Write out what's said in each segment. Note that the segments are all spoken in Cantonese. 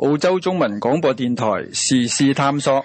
澳洲中文廣播電台時事探索。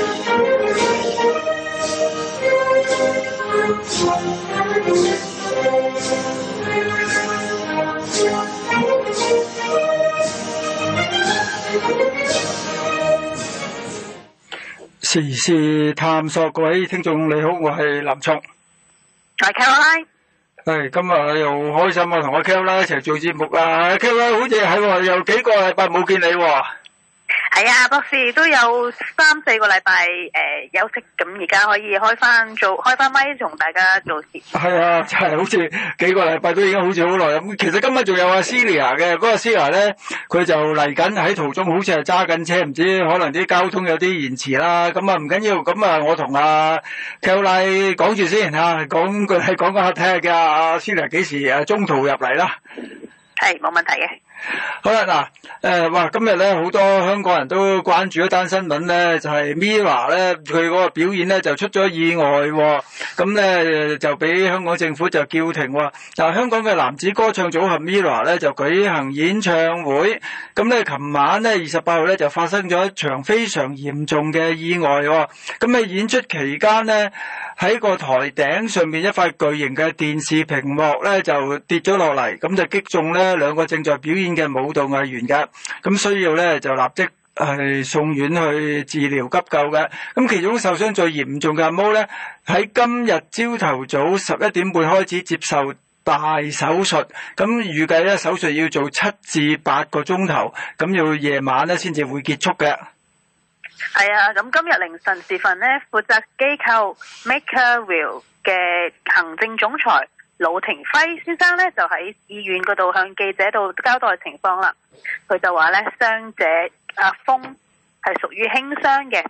時事探索鬼，各位聽眾你好，我係林卓。大家好，我係 Kelvin 係今日又開心啊，同我 Kelvin 一齊做節目啊 Kelvin 好似喺度有幾個禮拜冇見你喎、哦。係啊，博士都有三四個禮拜誒休息，咁而家可以開翻做開翻麥同大家做事。係啊，就係好似幾個禮拜都已經好似好耐咁。其實今日仲有阿 Celia 嘅，嗰、那個 Celia 咧，佢就嚟緊喺途中，好似係揸緊車，唔知可能啲交通有啲延遲啦。咁啊唔緊要，咁啊我同阿 Kelly 講住先吓，講佢講下睇下嘅，阿、啊、Celia 幾時啊中途入嚟啦？係冇問題嘅。好啦，嗱，誒，哇，今日咧好多香港人都關注一單新聞咧，就係、是、Mirror 咧佢嗰個表演咧就出咗意外，哦，咁咧就俾香港政府就叫停喎，哦。嗱，啊，香港嘅男子歌唱組合 Mirror 咧就舉行演唱會，咁咧琴晚咧二十八號咧就發生咗一場非常嚴重嘅意外，哦，咁喺演出期間咧喺個台頂上面一塊巨型嘅電視屏幕咧就跌咗落嚟，咁就擊中咧兩個正在表演嘅舞蹈藝員嘅，咁需要咧就立即係送院去治療急救嘅。咁其中受傷最嚴重嘅阿毛咧喺今日朝頭早十一點半開始接受大手術，咁預計咧手術要做七至八個鐘頭，咁要夜晚咧先至會結束嘅。係啊，咁今日凌晨時分咧，負責機構 Maker Will 嘅行政總裁。魯庭輝先生咧就喺醫院嗰度向記者度交代的情況啦。佢就話咧，傷者阿峰係屬於輕傷嘅，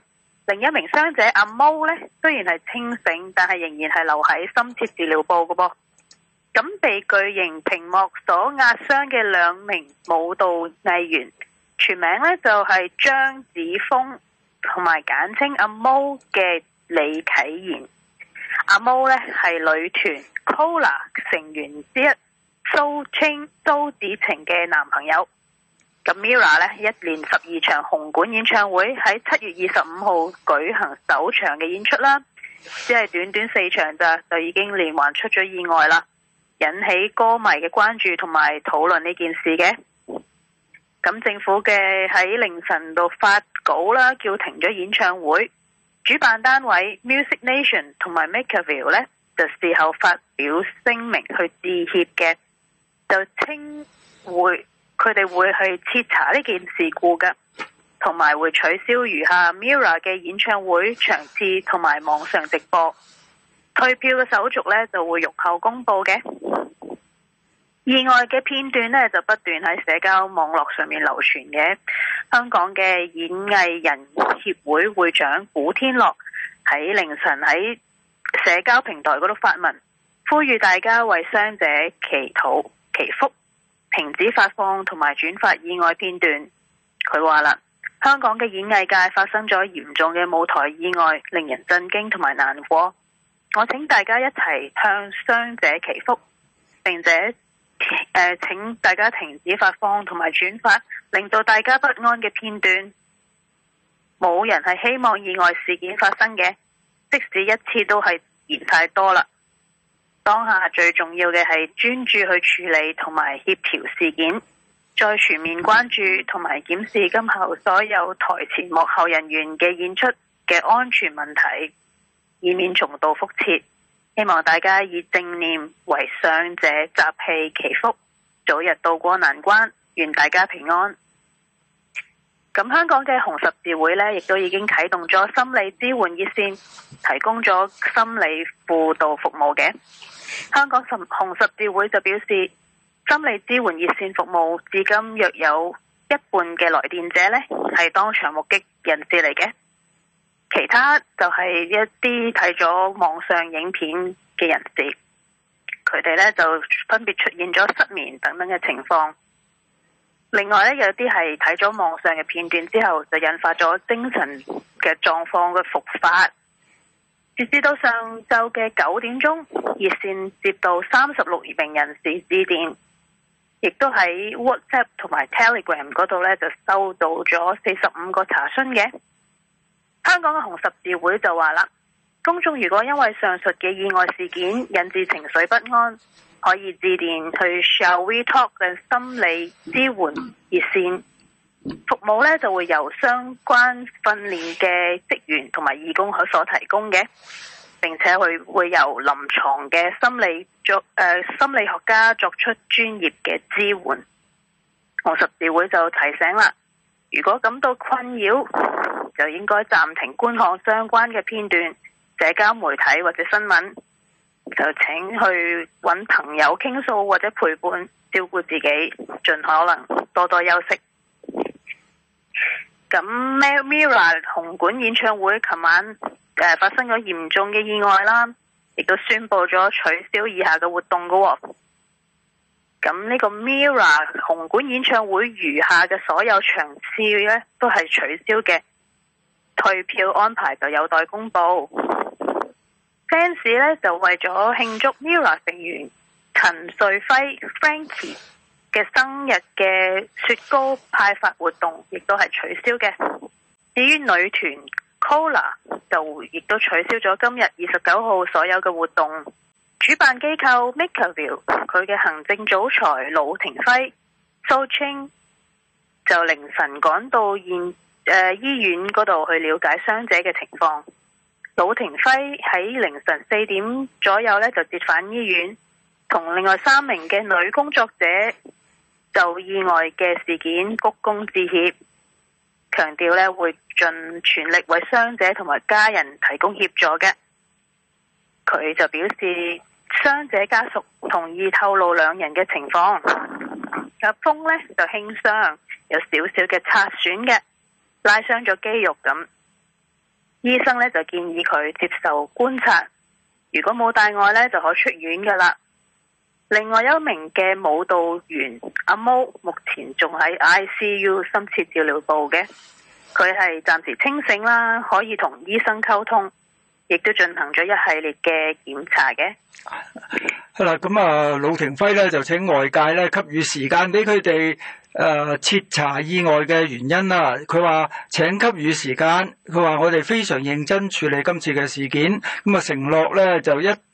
另一名傷者阿毛咧雖然係清醒，但係仍然係留喺深切治療部嘅噃。咁被巨型屏幕，所壓傷嘅兩名舞蹈藝員，全名咧就係張子峰同埋簡稱阿毛嘅李啟賢。阿毛呢係女團 COLLAR 成員之一周清周子晴嘅男朋友。咁 Mirror 呢，一連十二場紅館演唱會喺七月二十五號舉行首場嘅演出啦，只係短短四場咋就已經連環出咗意外啦，引起歌迷嘅關注同埋討論呢件事嘅。咁政府嘅喺凌晨度發稿啦，叫停咗演唱會。主辦單位 Music Nation 同埋 MakerVille 呢，就事後發表聲明去致歉嘅，就稱會佢哋會去徹查呢件事故嘅，同埋會取消餘下 Mirror 嘅演唱會場次同埋網上直播，退票嘅手續呢，就會容後公布嘅。意外嘅片段呢，就不斷喺社交網絡上面流傳嘅。香港嘅演藝人協會會長古天樂喺凌晨喺社交平台嗰度發文，呼籲大家為傷者祈禱祈福，停止發放同埋轉發意外片段。佢話啦，香港嘅演藝界發生咗嚴重嘅舞台意外，令人震驚同埋難過。我請大家一齊向傷者祈福，並且。誒、呃，請大家停止發放同埋轉發令到大家不安嘅片段。冇人係希望意外事件發生嘅，即使一次都係嫌太多啦。當下最重要嘅係專注去處理同埋協調事件，再全面關注同埋檢視今後所有台前幕後人員嘅演出嘅安全問題，以免重蹈覆轍。希望大家以正念為上者集氣祈福，早日渡過難關，願大家平安。咁香港嘅紅十字會咧，亦都已經啟動咗心理支援熱線，提供咗心理輔導服務嘅。香港十紅十字會就表示，心理支援熱線服務至今約有一半嘅來電者咧，係當場目擊人士嚟嘅。其他就係一啲睇咗網上影片嘅人士，佢哋咧就分別出現咗失眠等等嘅情況。另外咧，有啲係睇咗網上嘅片段之後，就引發咗精神嘅狀況嘅復發。截至到上晝嘅九點鐘，熱線接到三十六名人士致電，亦都喺 WhatsApp 同埋 Telegram 嗰度咧就收到咗四十五個查詢嘅。香港嘅紅十字會就話啦，公眾如果因為上述嘅意外事件引致情緒不安，可以致電去 Shall We Talk 嘅心理支援熱線。服務咧，就會由相關訓練嘅職員同埋義工所所提供嘅，並且會會由臨床嘅心理作誒、呃、心理學家作出專業嘅支援。紅十字會就提醒啦，如果感到困擾，就應該暫停觀看相關嘅片段、社交媒體或者新聞，就請去揾朋友傾訴或者陪伴照顧自己，盡可能多多休息。咁 Mirror 紅館演唱會琴晚誒發生咗嚴重嘅意外啦，亦都宣布咗取消以下嘅活動㗎。咁呢個 Mirror 紅館演唱會餘下嘅所有場次呢，都係取消嘅。退票安排就有待公布 fans 呢。fans 咧，就為咗慶祝 Mirror 成員陳瑞輝 Frankie 嘅生日嘅雪糕派發活動，亦都係取消嘅。至於女團 COLLAR 就亦都取消咗今日二十九號所有嘅活動。主辦機構 MakerVille 佢嘅行政總裁盧廷輝蘇清就凌晨趕到現。誒、呃，醫院嗰度去了解傷者嘅情況。魯庭暉喺凌晨四點左右呢，就折返醫院，同另外三名嘅女工作者就意外嘅事件鞠躬致歉，強調呢會盡全力為傷者同埋家人提供協助嘅。佢就表示，傷者家屬同意透露兩人嘅情況。阿峰呢，就輕傷，有少少嘅擦損嘅。拉傷咗肌肉咁，醫生咧就建議佢接受觀察，如果冇大礙咧，就可以出院噶啦。另外一名嘅舞蹈員阿毛，目前仲喺 I C U 深切治療部嘅，佢係暫時清醒啦，可以同醫生溝通，亦都進行咗一系列嘅檢查嘅。係啦，咁啊，魯庭輝咧就請外界咧給予時間俾佢哋。誒、呃、徹查意外嘅原因啦、啊，佢話請給予時間，佢話我哋非常認真處理今次嘅事件，咁啊承諾咧就一。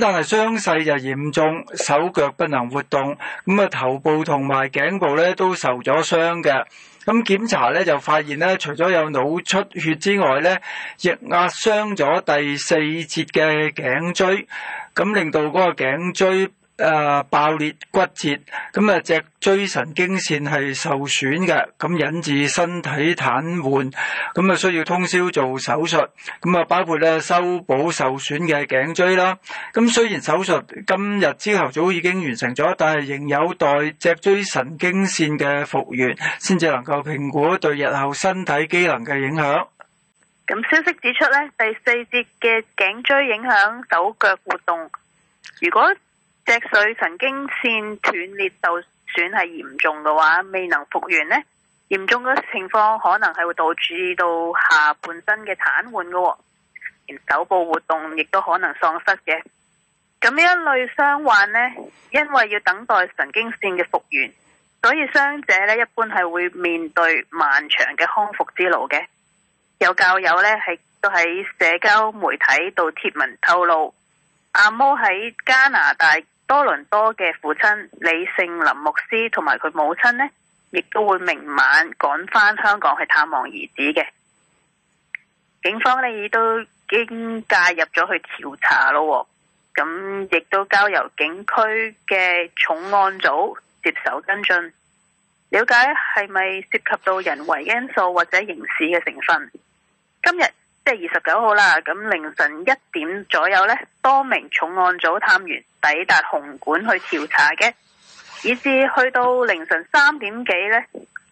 但係傷勢就嚴重，手腳不能活動，咁啊頭部同埋頸部咧都受咗傷嘅。咁檢查咧就發現咧，除咗有腦出血之外咧，亦壓傷咗第四節嘅頸椎，咁令到嗰個頸椎。誒、呃，爆裂骨折，咁啊脊椎神經線係受損嘅，咁引致身體癱瘓，咁啊需要通宵做手術，咁啊包括咧修補受損嘅頸椎啦。咁雖然手術今日朝頭早已經完成咗，但係仍有待脊椎神經線嘅復原，先至能夠評估對日後身體機能嘅影響。咁消息指出咧，第四節嘅頸椎影響手腳活動，如果。脊髓神經線斷裂受損係嚴重嘅話，未能復原呢，嚴重嘅情況可能係會導致到下半身嘅癱瘓嘅，連手部活動亦都可能喪失嘅。咁呢一類傷患呢，因為要等待神經線嘅復原，所以傷者呢一般係會面對漫長嘅康復之路嘅。有教友呢係都喺社交媒體度貼文透露，阿摩喺加拿大。多倫多嘅父親李姓林牧師同埋佢母親呢，亦都會明晚趕返香港去探望兒子嘅。警方呢，亦都已經介入咗去調查咯，咁亦都交由警區嘅重案組接手跟進，了解係咪涉及到人為因素或者刑事嘅成分。今日。即係二十九號啦，咁凌晨一點左右呢，多名重案組探員抵達紅館去調查嘅，以至去到凌晨三點幾呢，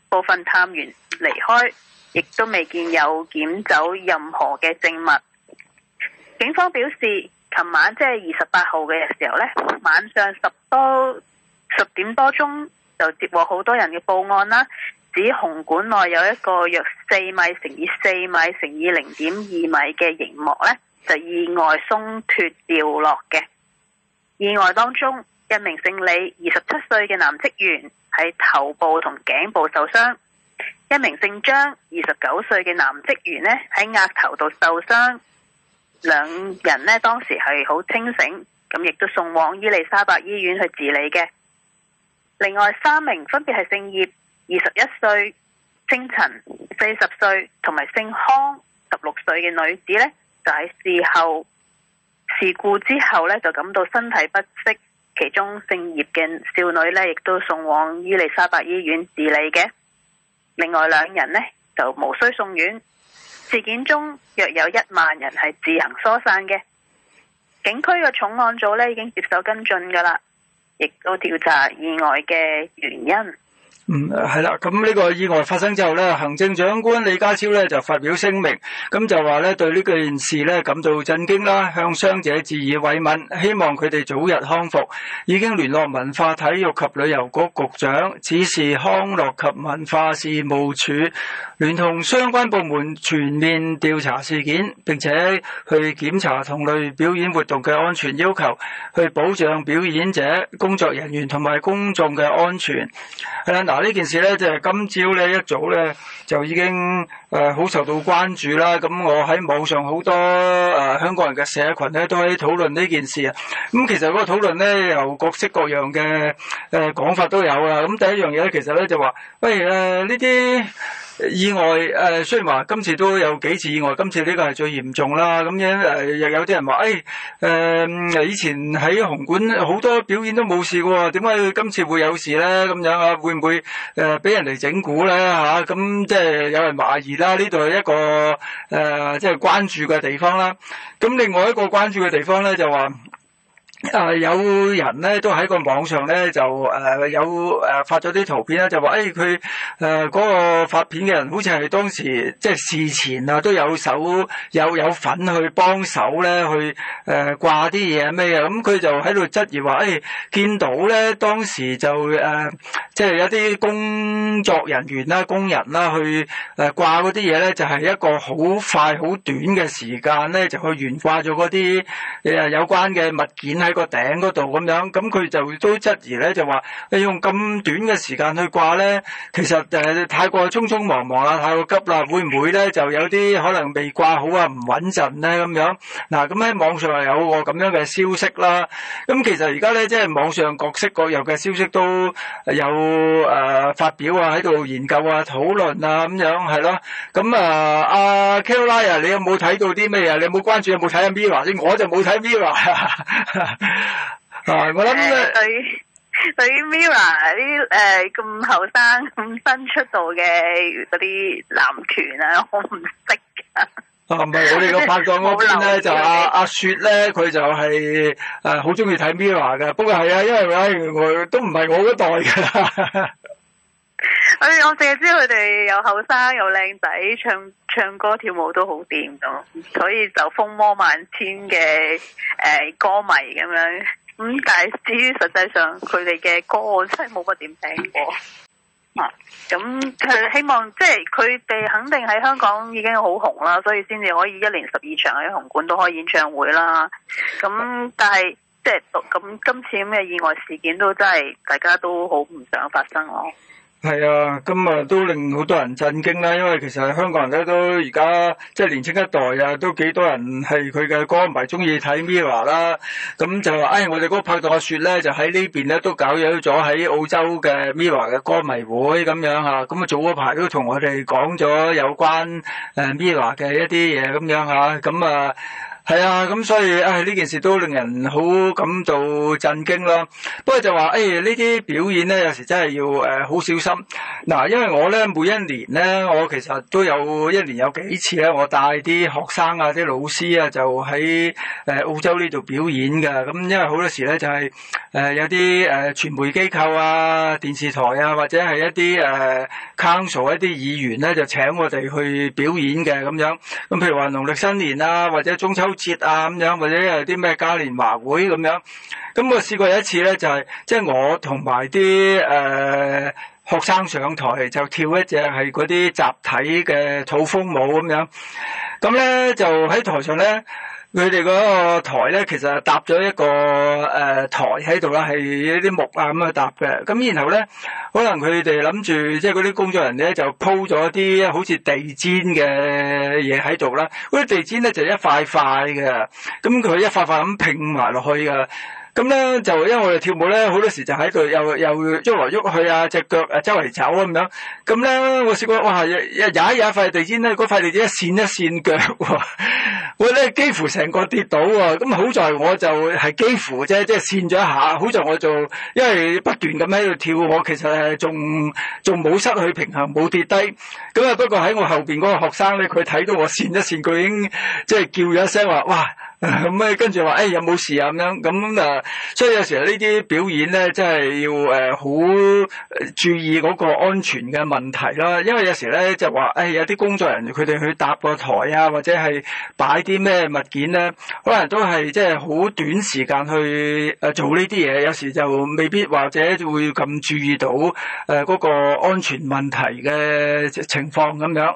部分探員離開，亦都未見有檢走任何嘅證物。警方表示，琴晚即係二十八號嘅時候呢，晚上十多十點多鐘就接獲好多人嘅報案啦。指紅館內有一個約四米乘以四米乘以零點二米嘅熒幕呢就意外鬆脱掉落嘅。意外當中，一名姓李二十七歲嘅男職員喺頭部同頸部受傷；一名姓張二十九歲嘅男職員咧喺額頭度受傷。兩人咧當時係好清醒，咁亦都送往伊利沙伯醫院去治理嘅。另外三名分別係姓葉。二十一歲姓陳、四十歲同埋姓康十六歲嘅女子呢，就喺事後事故之後呢，就感到身體不適。其中姓葉嘅少女呢，亦都送往伊利沙伯醫院治理嘅。另外兩人呢，就無需送院。事件中約有一萬人係自行疏散嘅。警區嘅重案組呢，已經接手跟進噶啦，亦都調查意外嘅原因。嗯，係啦。咁、這、呢個意外發生之後呢，行政長官李家超呢就發表聲明，咁就話呢對呢件事呢感到震驚啦，向傷者致以慰問，希望佢哋早日康復。已經聯絡文化體育及旅遊局局長，指示康樂及文化事務署聯同相關部門全面調查事件，並且去檢查同類表演活動嘅安全要求，去保障表演者、工作人員同埋公眾嘅安全。但、啊、呢件事咧就係、是、今朝咧一早咧就已經。誒、呃，好受到關注啦！咁我喺網上好多誒、呃、香港人嘅社群咧，都喺討論呢件事啊。咁、嗯、其實嗰個討論咧，由各式各樣嘅誒講法都有啦、啊。咁、嗯、第一樣嘢咧，其實咧就話，喂誒呢啲意外誒、呃，雖然話今次都有幾次意外，今次呢個係最嚴重啦。咁樣誒，又、嗯、有啲人話，誒、哎、誒、呃，以前喺紅館好多表演都冇事喎、啊，點解今次會有事咧？咁樣啊，會唔會誒俾、呃、人哋整蠱咧？吓、啊，咁、嗯、即係有人懷疑。啦，呢度係一個誒，即係關注嘅地方啦。咁另外一個關注嘅地方咧，就話。啊！有人咧都喺個網上咧就誒、啊、有誒、啊、發咗啲圖片啦，就話誒佢誒嗰個發片嘅人好似係當時即係、就是、事前啊都有手有有份去幫手咧去誒掛啲嘢咩啊？咁佢、啊、就喺度質疑話誒、哎、見到咧當時就誒即係有啲工作人員啦、工人啦去誒掛嗰啲嘢咧，就係、是、一個好快好短嘅時間咧就去懸掛咗啲誒有關嘅物件啦。喺個頂嗰度咁樣，咁佢就都質疑咧，就話你用咁短嘅時間去掛咧，其實、呃、太過匆匆忙忙啦，太過急啦，會唔會咧就有啲可能未掛好啊，唔穩陣咧咁樣？嗱，咁喺網上又有個咁樣嘅消息啦。咁其實而家咧，即係網上各式各樣嘅消息都有、呃、發表啊，喺度研究啊、討論啊咁樣，係咯。咁啊，阿 Kella 啊 Carolina, 你有有，你有冇睇到啲咩啊？你有冇關注？有冇睇 Mirror？我就冇睇 Mirror。啊！我諗、呃、對對 Mirror 啲誒咁後生咁新出道嘅嗰啲男權啊，我唔識 就啊， 啊！啊，唔係我哋個拍檔嗰邊咧，就阿阿雪咧，佢就係誒好中意睇 Mirror 嘅。不過係啊，因為佢、啊、都唔係我嗰代噶 我我淨係知佢哋又後生又靚仔，唱唱歌跳舞都好掂咁，所以就風魔萬千嘅誒、呃、歌迷咁樣。咁但係至於實際上佢哋嘅歌我真係冇乜點聽過。啊，咁佢希望即係佢哋肯定喺香港已經好紅啦，所以先至可以一年十二場喺紅館都開演唱會啦。咁但係即係咁今次咁嘅意外事件都真係大家都好唔想發生咯。係啊，今日都令好多人震驚啦，因為其實香港人咧都而家即係年青一代啊，都幾多人係佢嘅歌迷 MIRROR，中意睇 MIRROR 啦。咁就話，誒，我哋嗰個拍檔阿雪咧就喺呢邊咧都搞咗咗喺澳洲嘅 MIRROR 嘅歌迷會咁樣吓。咁啊早嗰排都同我哋講咗有關誒 MIRROR 嘅一啲嘢咁樣吓。咁啊。係啊，咁所以，誒、哎、呢件事都令人好感到震驚啦。不過就話，誒呢啲表演咧，有時真係要誒好、呃、小心。嗱、啊，因為我咧每一年咧，我其實都有一年有幾次咧，我帶啲學生啊、啲老師啊，就喺、呃、澳洲呢度表演嘅。咁、嗯、因為好多時咧就係、是、誒、呃、有啲誒、呃、傳媒機構啊、電視台啊，或者係一啲誒、呃、Council 一啲議員咧，就請我哋去表演嘅咁樣。咁譬如話農曆新年啊，或者中秋節啊咁樣，或者有啲咩嘉年華會咁樣，咁我試過有一次咧、就是，就係即係我同埋啲誒學生上台，就跳一隻係嗰啲集體嘅土風舞咁樣，咁咧就喺台上咧。佢哋嗰個台咧，其實搭咗一個誒、呃、台喺度啦，係一啲木啊咁去搭嘅。咁然後咧，可能佢哋諗住即係嗰啲工作人咧，就鋪咗啲好似地毯嘅嘢喺度啦。嗰啲地毯咧就是、一塊塊嘅，咁佢一塊塊咁拼埋落去啊。咁咧就因為我哋跳舞咧，好多時就喺度又又周圍喐去啊，隻腳啊周圍走咁樣。咁咧我試過哇，一踩一塊地磚咧，嗰塊地磚一跣一跣腳，喂、哎，咧幾乎成個跌倒喎。咁、哦、好在我就係幾乎啫，即係跣咗一下。好在我就因為不斷咁喺度跳，我其實仲仲冇失去平衡，冇跌低。咁啊不過喺我後面嗰個學生咧，佢睇到我跣一跣，佢已經即係叫咗一聲話哇。咁、嗯、咧，跟住話，誒、哎、有冇事啊？咁樣咁啊，所以有時呢啲表演咧，真係要誒好、呃、注意嗰個安全嘅問題啦。因為有時咧就話，誒、哎、有啲工作人員佢哋去搭個台啊，或者係擺啲咩物件咧，可能都係即係好短時間去誒做呢啲嘢。有時就未必或者會咁注意到誒嗰、呃那個安全問題嘅情況咁樣。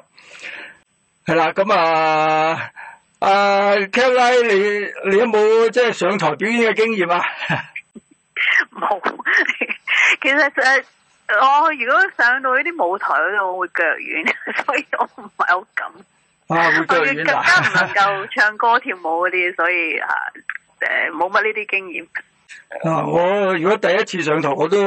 係啦，咁啊～啊、uh，Kelly，你你有冇即係上台表演嘅經驗啊？冇，其實誒，我如果上到呢啲舞台度，我會腳軟，所以我唔係好敢。啊，會腳軟啊！更加唔能夠唱歌 跳舞嗰啲，所以啊，誒，冇乜呢啲經驗。我如果第一次上台我都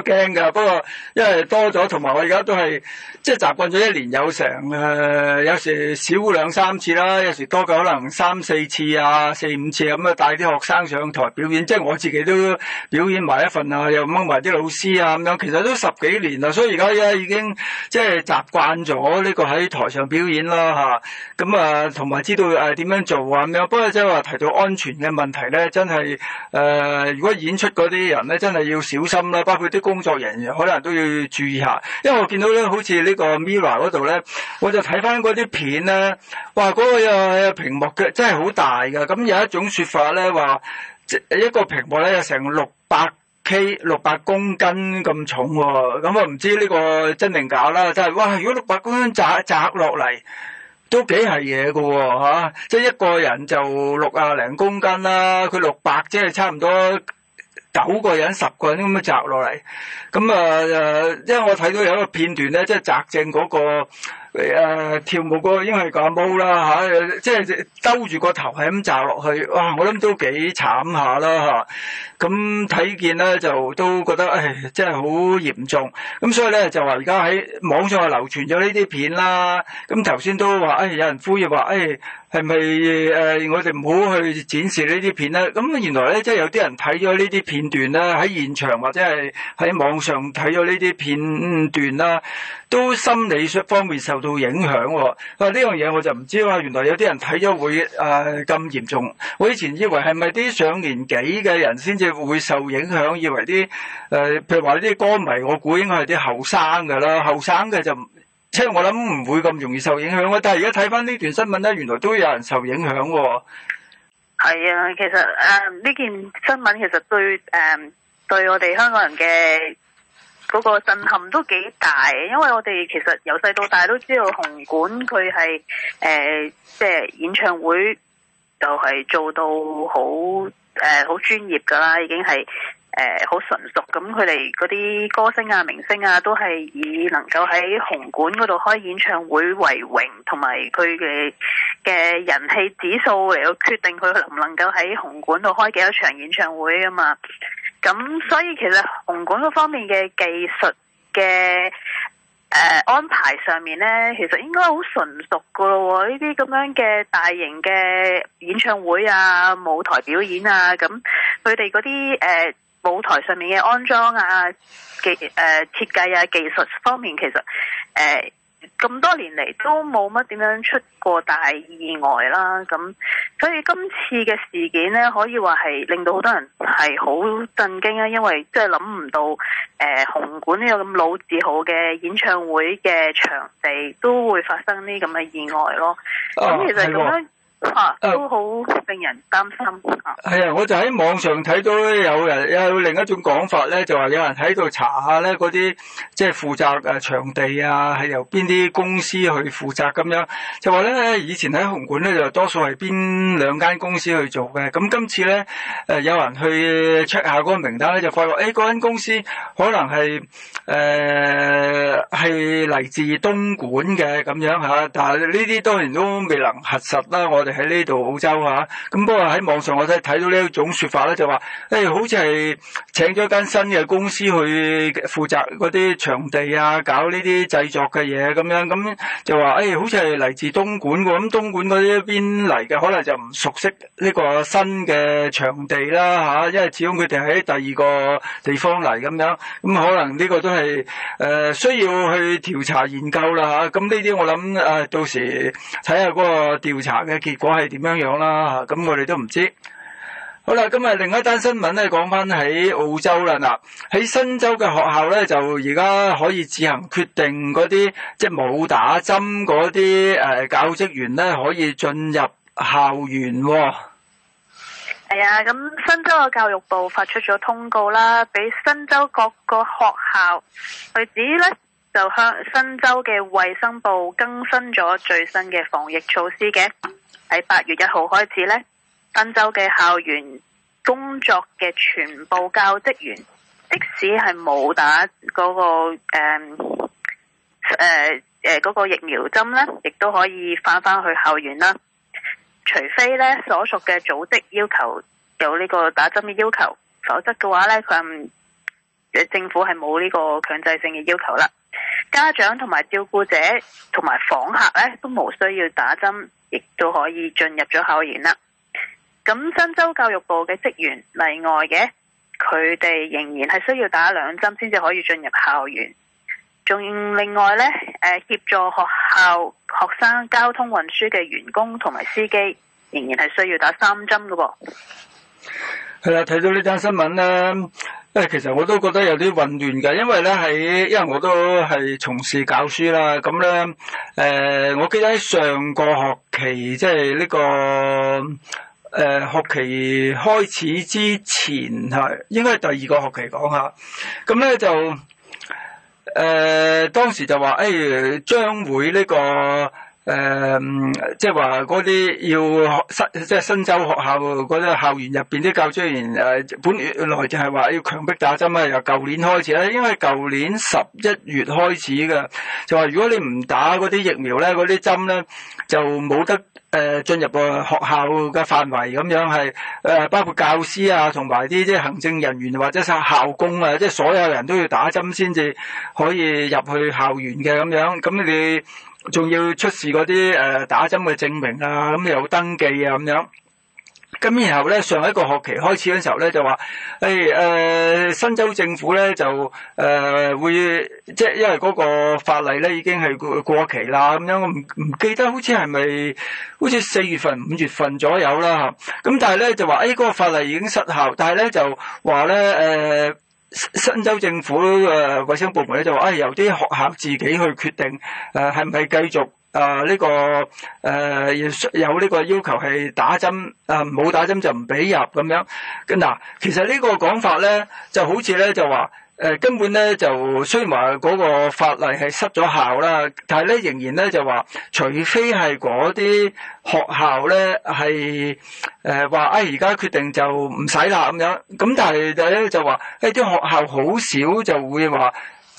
驚㗎，不過因為多咗，同埋我而家都係即係習慣咗一年有成誒，有時少兩三次啦，有時多嘅可能三四次啊，四五次啊咁啊，帶啲學生上台表演，即係我自己都表演埋一份啊，又掹埋啲老師啊咁樣，其實都十幾年啦，所以而家已經即係習慣咗呢個喺台上表演啦吓。咁啊，同埋知道誒、啊、點樣做啊咁樣。不過即係話提到安全嘅問題咧，真係誒。呃誒、呃，如果演出嗰啲人咧，真係要小心啦，包括啲工作人員，可能都要注意下，因為我見到咧，好似呢個 Mirror 嗰度咧，我就睇翻嗰啲片咧，哇，嗰、那個屏幕嘅真係好大噶。咁有一種說法咧，話一個屏幕咧有成六百 K 六百公斤咁重，啊，咁啊唔知呢個真定假啦。真係哇，如果六百公斤砸砸落嚟。都幾係嘢嘅喎，吓，即係一個人就六啊零公斤啦，佢六百即係差唔多九個人、十個人咁樣摘落嚟，咁啊，因為我睇到有一個片段咧，即係摘正嗰、那個。誒跳舞個，應該係個帽啦嚇，即係兜住個頭，係咁罩落去，哇！我諗都幾慘下啦嚇，咁、啊、睇見咧就都覺得誒、哎，真係好嚴重。咁所以咧就話而家喺網上流傳咗呢啲片啦。咁頭先都話誒、哎，有人呼籲話誒，係、哎、咪、哎、我哋唔好去展示呢啲片咧？咁原來咧即係有啲人睇咗呢啲片段啦，喺現場或者係喺網上睇咗呢啲片段啦。都心理上方面受到影響喎、哦，呢樣嘢我就唔知喎、啊，原來有啲人睇咗會誒咁、呃、嚴重。我以前以為係咪啲上年紀嘅人先至會受影響，以為啲誒、呃、譬如話呢啲歌迷，我估應該係啲後生㗎啦，後生嘅就即係、就是、我諗唔會咁容易受影響。但係而家睇翻呢段新聞咧，原來都有人受影響喎、哦。係啊，其實誒呢、呃、件新聞其實對誒、呃、對我哋香港人嘅。嗰、那個震撼都幾大，因為我哋其實由細到大都知道紅館佢係誒，即、呃、係、就是、演唱會就係做到好誒，好、呃、專業㗎喇，已經係。誒、呃、好純熟，咁佢哋嗰啲歌星啊、明星啊，都係以能夠喺紅館嗰度開演唱會為榮，同埋佢嘅嘅人氣指數嚟到決定佢能唔能夠喺紅館度開幾多場演唱會啊嘛。咁所以其實紅館嗰方面嘅技術嘅誒、呃、安排上面呢，其實應該好純熟噶咯喎。呢啲咁樣嘅大型嘅演唱會啊、舞台表演啊，咁佢哋嗰啲誒。呃舞台上面嘅安裝啊，技誒、呃、設計啊，技術方面其實誒咁、呃、多年嚟都冇乜點樣出過大意外啦，咁所以今次嘅事件咧，可以話係令到好多人係好震驚啊，因為即係諗唔到誒、呃、紅館呢個咁老字號嘅演唱會嘅場地都會發生啲咁嘅意外咯。咁、oh, 其實咁樣。Yeah. 啊，都好令人擔心啊！係啊，我就喺網上睇到有人有另一種講法咧，就話有人喺度查下咧，啲，即係負責誒場地啊，係由邊啲公司去負責咁樣，就話咧，以前喺紅館咧就多數係邊兩間公司去做嘅，咁今次咧誒有人去 check 下嗰個名單咧，就發覺誒間公司可能係誒係嚟自東莞嘅咁樣吓，但係呢啲當然都未能核實啦，我哋。喺呢度澳洲吓，咁、啊、不過喺網上我係睇到呢一種說法咧，就話誒、欸、好似係請咗一間新嘅公司去負責嗰啲場地啊，搞呢啲製作嘅嘢咁樣，咁就話誒、欸、好似係嚟自東莞嘅，咁東莞嗰一邊嚟嘅，可能就唔熟悉呢個新嘅場地啦吓、啊，因為始終佢哋喺第二個地方嚟咁樣，咁可能呢個都係誒、呃、需要去調查研究啦吓，咁呢啲我諗誒、啊、到時睇下嗰個調查嘅結。是樣我係點樣樣啦？咁我哋都唔知好啦。今日另一單新聞咧，講翻喺澳洲啦。嗱，喺新州嘅學校咧，就而家可以自行決定嗰啲即係冇打針嗰啲誒教職員咧，可以進入校園，哦。係、哎、啊，咁新州嘅教育部發出咗通告啦，俾新州各個學校。佢指咧就向新州嘅衛生部更新咗最新嘅防疫措施嘅。喺八月一號開始呢，新州嘅校園工作嘅全部教職員，即使係冇打嗰、嗰個誒誒誒個疫苗針呢，亦都可以返翻去校園啦。除非呢，所屬嘅組織要求有呢個打針嘅要求，否則嘅話呢，佢唔。政府係冇呢個強制性嘅要求啦，家長同埋照顧者同埋訪客咧都無需要打針，亦都可以進入咗校園啦。咁新州教育部嘅職員例外嘅，佢哋仍然係需要打兩針先至可以進入校園。仲另外咧，誒協助學校學生交通運輸嘅員工同埋司機，仍然係需要打三針噶噃。係啦，睇到呢單新聞咧，誒，其實我都覺得有啲混亂嘅，因為咧喺，因為我都係從事教書啦，咁咧，誒、呃，我記得喺上個學期，即係呢個誒、呃、學期開始之前係，應該係第二個學期講下。咁咧就誒、呃，當時就話，誒、哎，將會呢、這個。誒、嗯，即係話嗰啲要學，即係新州學校嗰啲校園入邊啲教職員誒，本來就係話要強迫打針啊！由舊年開始咧，因為舊年十一月開始嘅，就話如果你唔打嗰啲疫苗咧，嗰啲針咧就冇得誒進入個學校嘅範圍咁樣係誒，包括教師啊，同埋啲即係行政人員或者校工啊，即係所有人都要打針先至可以入去校園嘅咁樣，咁你。仲要出示嗰啲誒打針嘅證明啊，咁、嗯、有登記啊咁樣。咁然後咧，上一個學期開始嘅時候咧，就話誒誒新州政府咧就誒、呃、會即係因為嗰個法例咧已經係過期啦咁樣，我唔唔記得好似係咪好似四月份五月份左右啦嚇。咁、嗯、但係咧就話誒嗰個法例已經失效，但係咧就話咧誒。呃新州政府誒衞生部門咧就話，誒、哎、由啲學校自己去決定誒係唔係繼續誒呢、呃呢個誒、呃、有呢個要求係打針誒冇、呃、打針就唔俾入咁樣。嗱，其實呢個呢個講法咧就好似咧就話。誒、呃，根本咧就雖然話嗰個法例係失咗效啦，但係咧仍然咧就話，除非係嗰啲學校咧係誒話，而家，呃哎、決定就唔使啦咁樣，咁但係就咧就話，啲、哎、學校好少就會話。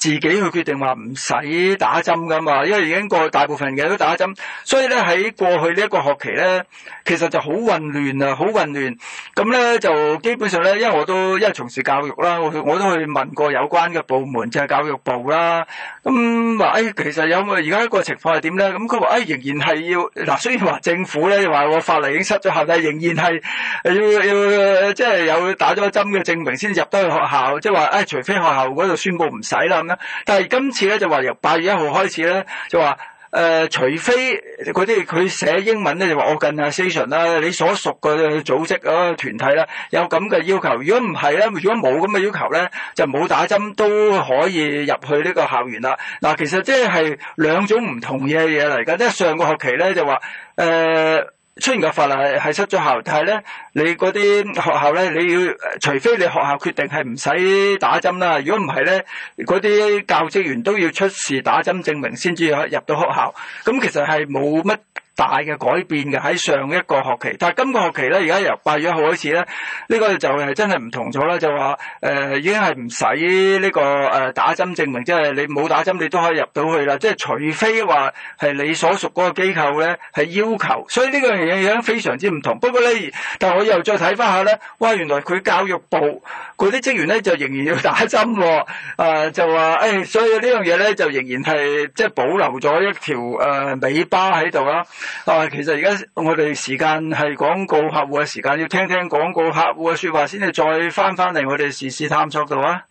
自己去決定話唔使打針㗎嘛，因為已經過大部分嘅都打針，所以咧喺過去呢一個學期咧，其實就好混亂啊，好混亂。咁咧就基本上咧，因為我都因為從事教育啦，我我都去問過有關嘅部門，即係教育部啦。咁話誒，其實有冇而家一個情況係點咧？咁佢話誒，仍然係要嗱，雖然話政府咧話我法例已經失咗效，但係仍然係要要，要即係有打咗針嘅證明先入得去學校。即係話誒，除非學校嗰度宣布唔使啦。但係今次咧就話由八月一號開始咧就話誒、呃，除非啲佢寫英文咧就話 organization 啦，你所屬嘅組織啊團體啦有咁嘅要求，如果唔係咧，如果冇咁嘅要求咧，就冇打針都可以入去呢個校園啦。嗱、呃，其實即係兩種唔同嘅嘢嚟噶，即係上個學期咧就話誒。呃雖然個法例係失咗效，但係咧，你嗰啲學校咧，你要除非你學校決定係唔使打針啦，如果唔係咧，嗰啲教職員都要出示打針證明先至可入到學校。咁其實係冇乜大嘅改變嘅喺上一個學期，但係今個學期咧，而家由八月一號開始咧，呢、這個就係真係唔同咗啦。就話、呃、已經係唔使呢個打針證明，即、就、係、是、你冇打針你都可以入到去啦。即、就、係、是、除非話係你所屬嗰個機構咧係要求，所以呢樣嘢已經非常之唔同。不過咧，但我又再睇翻下咧，哇！原來佢教育部嗰啲職員咧就仍然要打針喎、呃，就話誒、哎，所以呢樣嘢咧就仍然係即係保留咗一條誒尾、呃、巴喺度啦。啊，其實而家我哋時間係廣告客戶嘅時間，要聽聽廣告客戶嘅說話先至再翻翻嚟我哋時事探索度啊。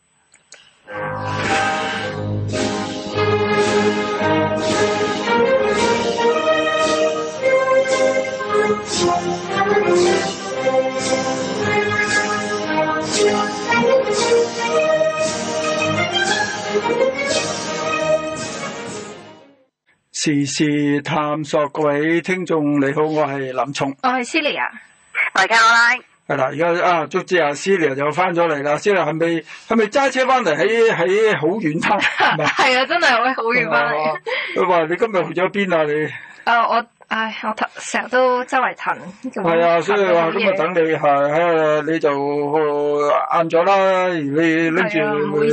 時事探索，各位聽眾你好，我係林松，我係 Silia，我係 Caroline 係啦，而家啊，祝志啊，Silia 又翻咗嚟啦。Silia 係咪係咪揸車翻嚟？喺喺好遠啊？係啊，真係喂，好遠翻嚟。佢話你今日去咗邊啊？你啊，你 啊我。唉，我頭成日都周圍疼。係啊，所以話都唔等你係喺、啊、你就晏咗、呃、啦。你拎住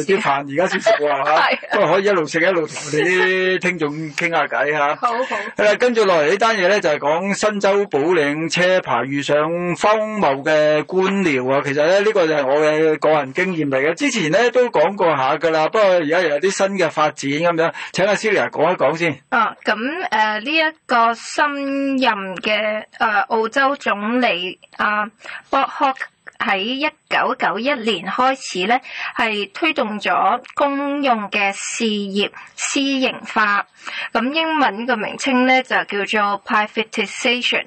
啲飯而家先食啩吓，不過可以一路食一路同啲聽眾傾下偈吓。好好。誒，跟住落嚟呢單嘢咧就係講新州補領車牌遇上荒謬嘅官僚啊。其實咧呢個就係我嘅個人經驗嚟嘅，之前咧都講過下噶啦。不過而家又有啲新嘅發展咁樣，請阿小麗啊講一講先。啊，咁誒呢一個新任嘅誒、呃、澳洲總理阿 Bob Hawke 喺一九九一年開始咧，係推動咗公用嘅事業私營化，咁英文嘅名稱咧就叫做 privatization。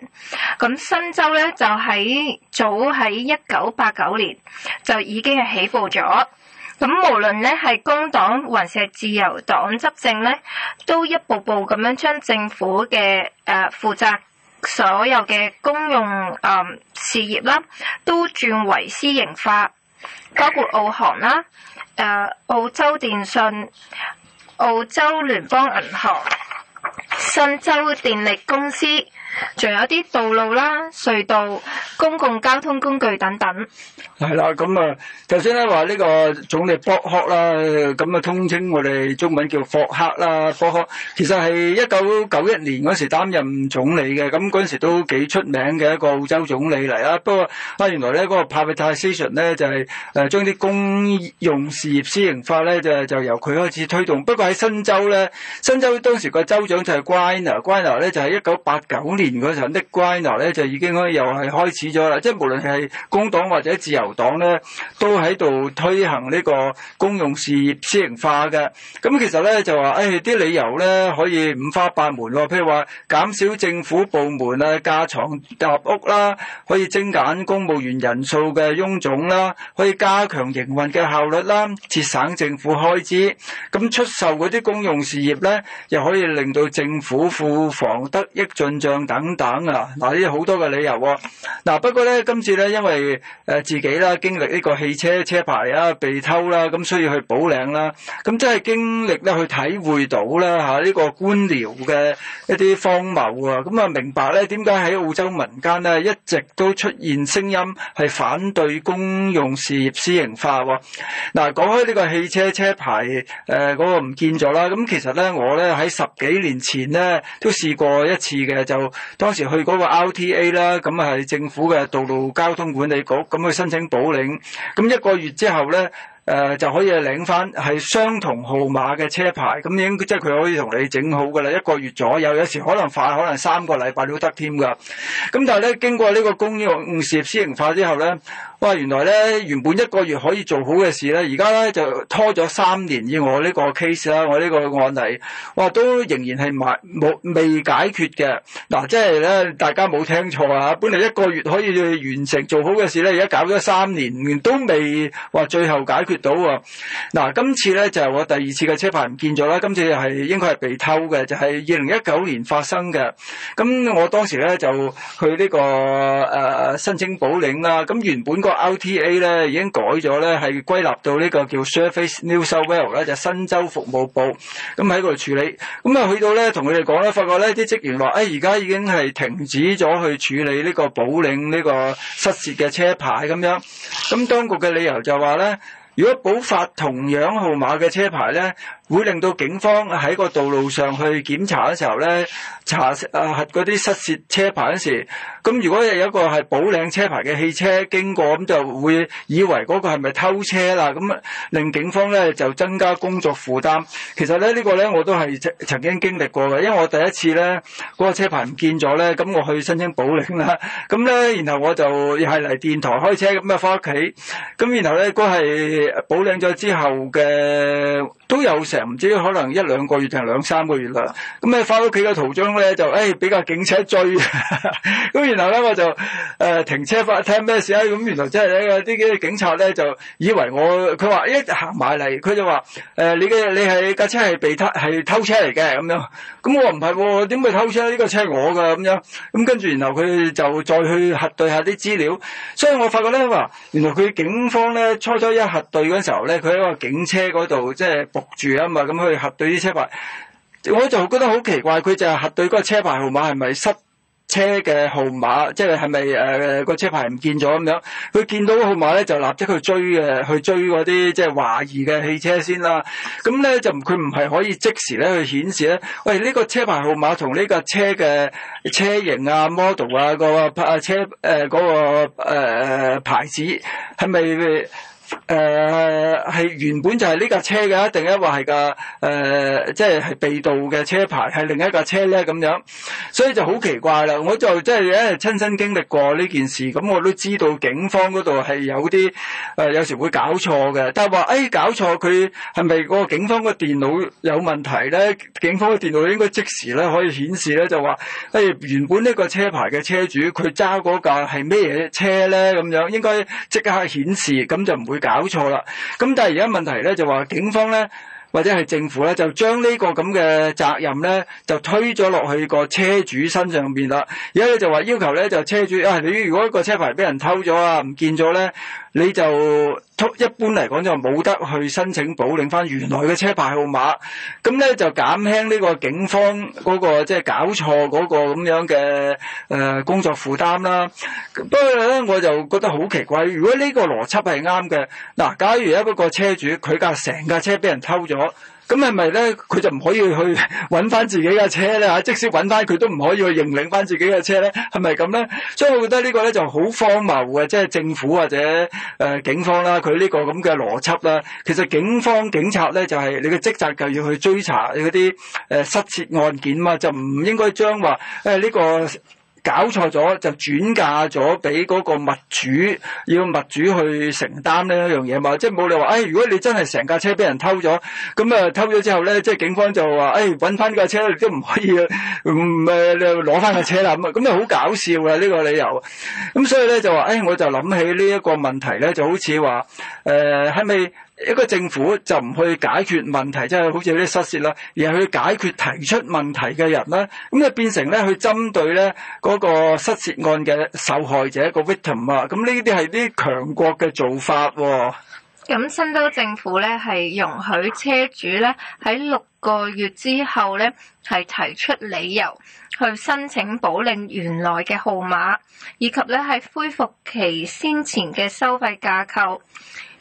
咁新州咧就喺早喺一九八九年就已經係起步咗。咁無論咧係工黨還是自由黨執政咧，都一步步咁樣將政府嘅誒負責所有嘅公用事業啦，都轉為私營化，包括澳航啦、誒澳洲電信、澳洲聯邦銀行、新州電力公司。仲有啲道路啦、隧道、公共交通工具等等。係啦，咁啊，頭先咧話呢個總理博克啦，咁啊通稱我哋中文叫霍克啦，博克。其實係一九九一年嗰時擔任總理嘅，咁嗰時都幾出名嘅一個澳洲總理嚟啊。不過啊，原來咧嗰個 privatization 咧就係誒將啲公用事業私營化咧，就就由佢開始推動。不過喺新州咧，新州當時個州長就係 Greiner，Greiner 咧就係一九八九年。年嗰陣的 Greiner 咧就已經開又係開始咗啦，即係無論係工黨或者自由黨咧，都喺度推行呢個公用事業私營化嘅。咁其實咧就話，誒、哎、啲理由咧可以五花八門喎，譬如話減少政府部門啊、架牀疊屋啦，可以精簡公務員人數嘅臃腫啦，可以加強營運嘅效率啦，節省政府開支，咁出售嗰啲公用事業咧，又可以令到政府庫房得益進帳。等等啊，嗱呢啲好多嘅理由喎。嗱，不過咧今次咧，因為誒、呃、自己啦經歷呢個汽車車牌啊被偷啦，咁需要去補領啦，咁、嗯、真係經歷咧去體會到咧嚇呢、啊這個官僚嘅一啲荒謬啊，咁、嗯、啊明白咧點解喺澳洲民間咧一直都出現聲音係反對公用事業私營化喎、啊。嗱、嗯，講開呢個汽車車牌誒嗰、呃那個唔見咗啦，咁、嗯、其實咧我咧喺十幾年前咧都試過一次嘅就。當時去嗰個 RTA 啦，咁係政府嘅道路交通管理局，咁去申請補領，咁一個月之後咧、呃，就可以領翻係相同號碼嘅車牌，咁已經即係佢可以同你整好噶啦，一個月左右，有時可能快，可能三個禮拜都得添㗎。咁但係咧，經過呢個公用事業私營化之後咧。原來咧，原本一個月可以做好嘅事咧，而家咧就拖咗三年，以我呢個 case 啦，我呢個案例，哇，都仍然係冇未解決嘅。嗱、啊，即係咧，大家冇聽錯啊！本嚟一個月可以完成做好嘅事咧，而家搞咗三年都未話、啊、最後解決到喎。嗱、啊，今次咧就係、是、我第二次嘅車牌唔見咗啦，今次係應該係被偷嘅，就係二零一九年發生嘅。咁我當時咧就去呢、這個誒、啊、申請補領啦。咁、啊、原本個 RTA 咧已經改咗咧，係歸納到呢個叫 Service New South Wales 咧，就新州服務部咁喺度處理。咁啊去到咧，同佢哋講咧，發覺咧啲職員話，誒而家已經係停止咗去處理呢個補領呢個失竊嘅車牌咁樣。咁當局嘅理由就話咧，如果補發同樣號碼嘅車牌咧。會令到警方喺個道路上去檢查嘅時候咧，查核嗰啲失竊車牌嗰時，咁如果有一個係保領車牌嘅汽車經過，咁就會以為嗰個係咪偷車啦？咁令警方咧就增加工作負擔。其實咧呢、這個咧我都係曾經經歷過嘅，因為我第一次咧嗰、那個車牌唔見咗咧，咁我去申請保領啦。咁咧然後我就係嚟電台開車咁啊，返屋企。咁然後咧嗰係保領咗之後嘅都有。唔知可能一兩個月定係兩三個月啦。咁啊，翻屋企嘅途中咧就，誒俾架警車追，咁 然後咧我就誒停車翻聽咩事啊。咁原來即係啲警察咧就以為我，佢話一行埋嚟，佢就話誒你嘅，你係架車係被偷係偷車嚟嘅咁樣，咁我話唔係，點會偷車呢、呢個車，我㗎咁樣，咁跟住然後佢就再去核對下啲資料。所以我發覺咧話原來佢警方咧初初一核對嗰陣時候咧，佢喺個警車度即係仆住啊。就是咁啊，咁去核對啲車牌，我就覺得好奇怪，佢就係核對嗰個車牌號碼係咪失車嘅號碼，即係係咪誒個車牌唔見咗咁樣？佢見到號碼咧，就立即去追嘅，去追嗰啲即係華裔嘅汽車先啦。咁咧就佢唔係可以即時咧去顯示咧。喂，呢個車牌號碼同呢個車嘅車型啊、model 啊、個拍車嗰個牌子係咪？誒、呃，係原本就係呢架車嘅，定一話係架誒，即係係被盜嘅車牌，係另一架車咧咁樣，所以就好奇怪啦。我就即係咧親身經歷過呢件事，咁我都知道警方嗰度係有啲。誒、呃、有時會搞錯嘅，但係話、哎、搞錯佢係咪個警方個電腦有問題咧？警方嘅電腦應該即時咧可以顯示咧，就話、哎、原本呢個車牌嘅車主佢揸嗰架係咩嘢車咧？咁樣應該即刻顯示，咁就唔會搞錯啦。咁但係而家問題咧就話警方咧或者係政府咧就將呢個咁嘅責任咧就推咗落去個車主身上邊啦。而家咧就話要求咧就車主啊，你如果個車牌俾人偷咗啊，唔見咗咧。你就一般嚟講就冇得去申請補領翻原來嘅車牌號碼，咁咧就減輕呢個警方嗰、那個即係、就是、搞錯嗰個咁樣嘅、呃、工作負擔啦。不過咧我就覺得好奇怪，如果呢個邏輯係啱嘅，嗱、啊，假如一個車主佢架成架車俾人偷咗。咁係咪咧？佢就唔可以去揾翻自己嘅車咧嚇？即使揾翻，佢都唔可以去認領翻自己嘅車咧？係咪咁咧？所以，我覺得呢個咧就好荒謬嘅，即係政府或者、呃、警方啦，佢呢個咁嘅邏輯啦，其實警方警察咧就係、是、你嘅職責，就要去追查你嗰啲、呃、失竊案件嘛，就唔應該將話呢、欸這個。搞錯咗就轉嫁咗俾嗰個物主，要物主去承擔呢一樣嘢嘛？即係冇理話，哎，如果你真係成架車俾人偷咗，咁啊偷咗之後咧，即係警方就話，哎，搵翻架車你都唔可以，唔誒攞翻架車啦咁啊，咁啊好搞笑啊呢、這個理由。咁所以咧就話，哎，我就諗起呢一個問題咧，就好似話，誒、呃，係咪？一個政府就唔去解決問題，即係好似有啲失竊啦，而係去解決提出問題嘅人啦。咁就變成咧去針對咧嗰個失竊案嘅受害者一個 victim 啊。咁呢啲係啲強國嘅做法哦。咁新州政府咧係容許車主咧喺六個月之後咧係提出理由去申請補領原來嘅號碼，以及咧係恢復其先前嘅收費架構。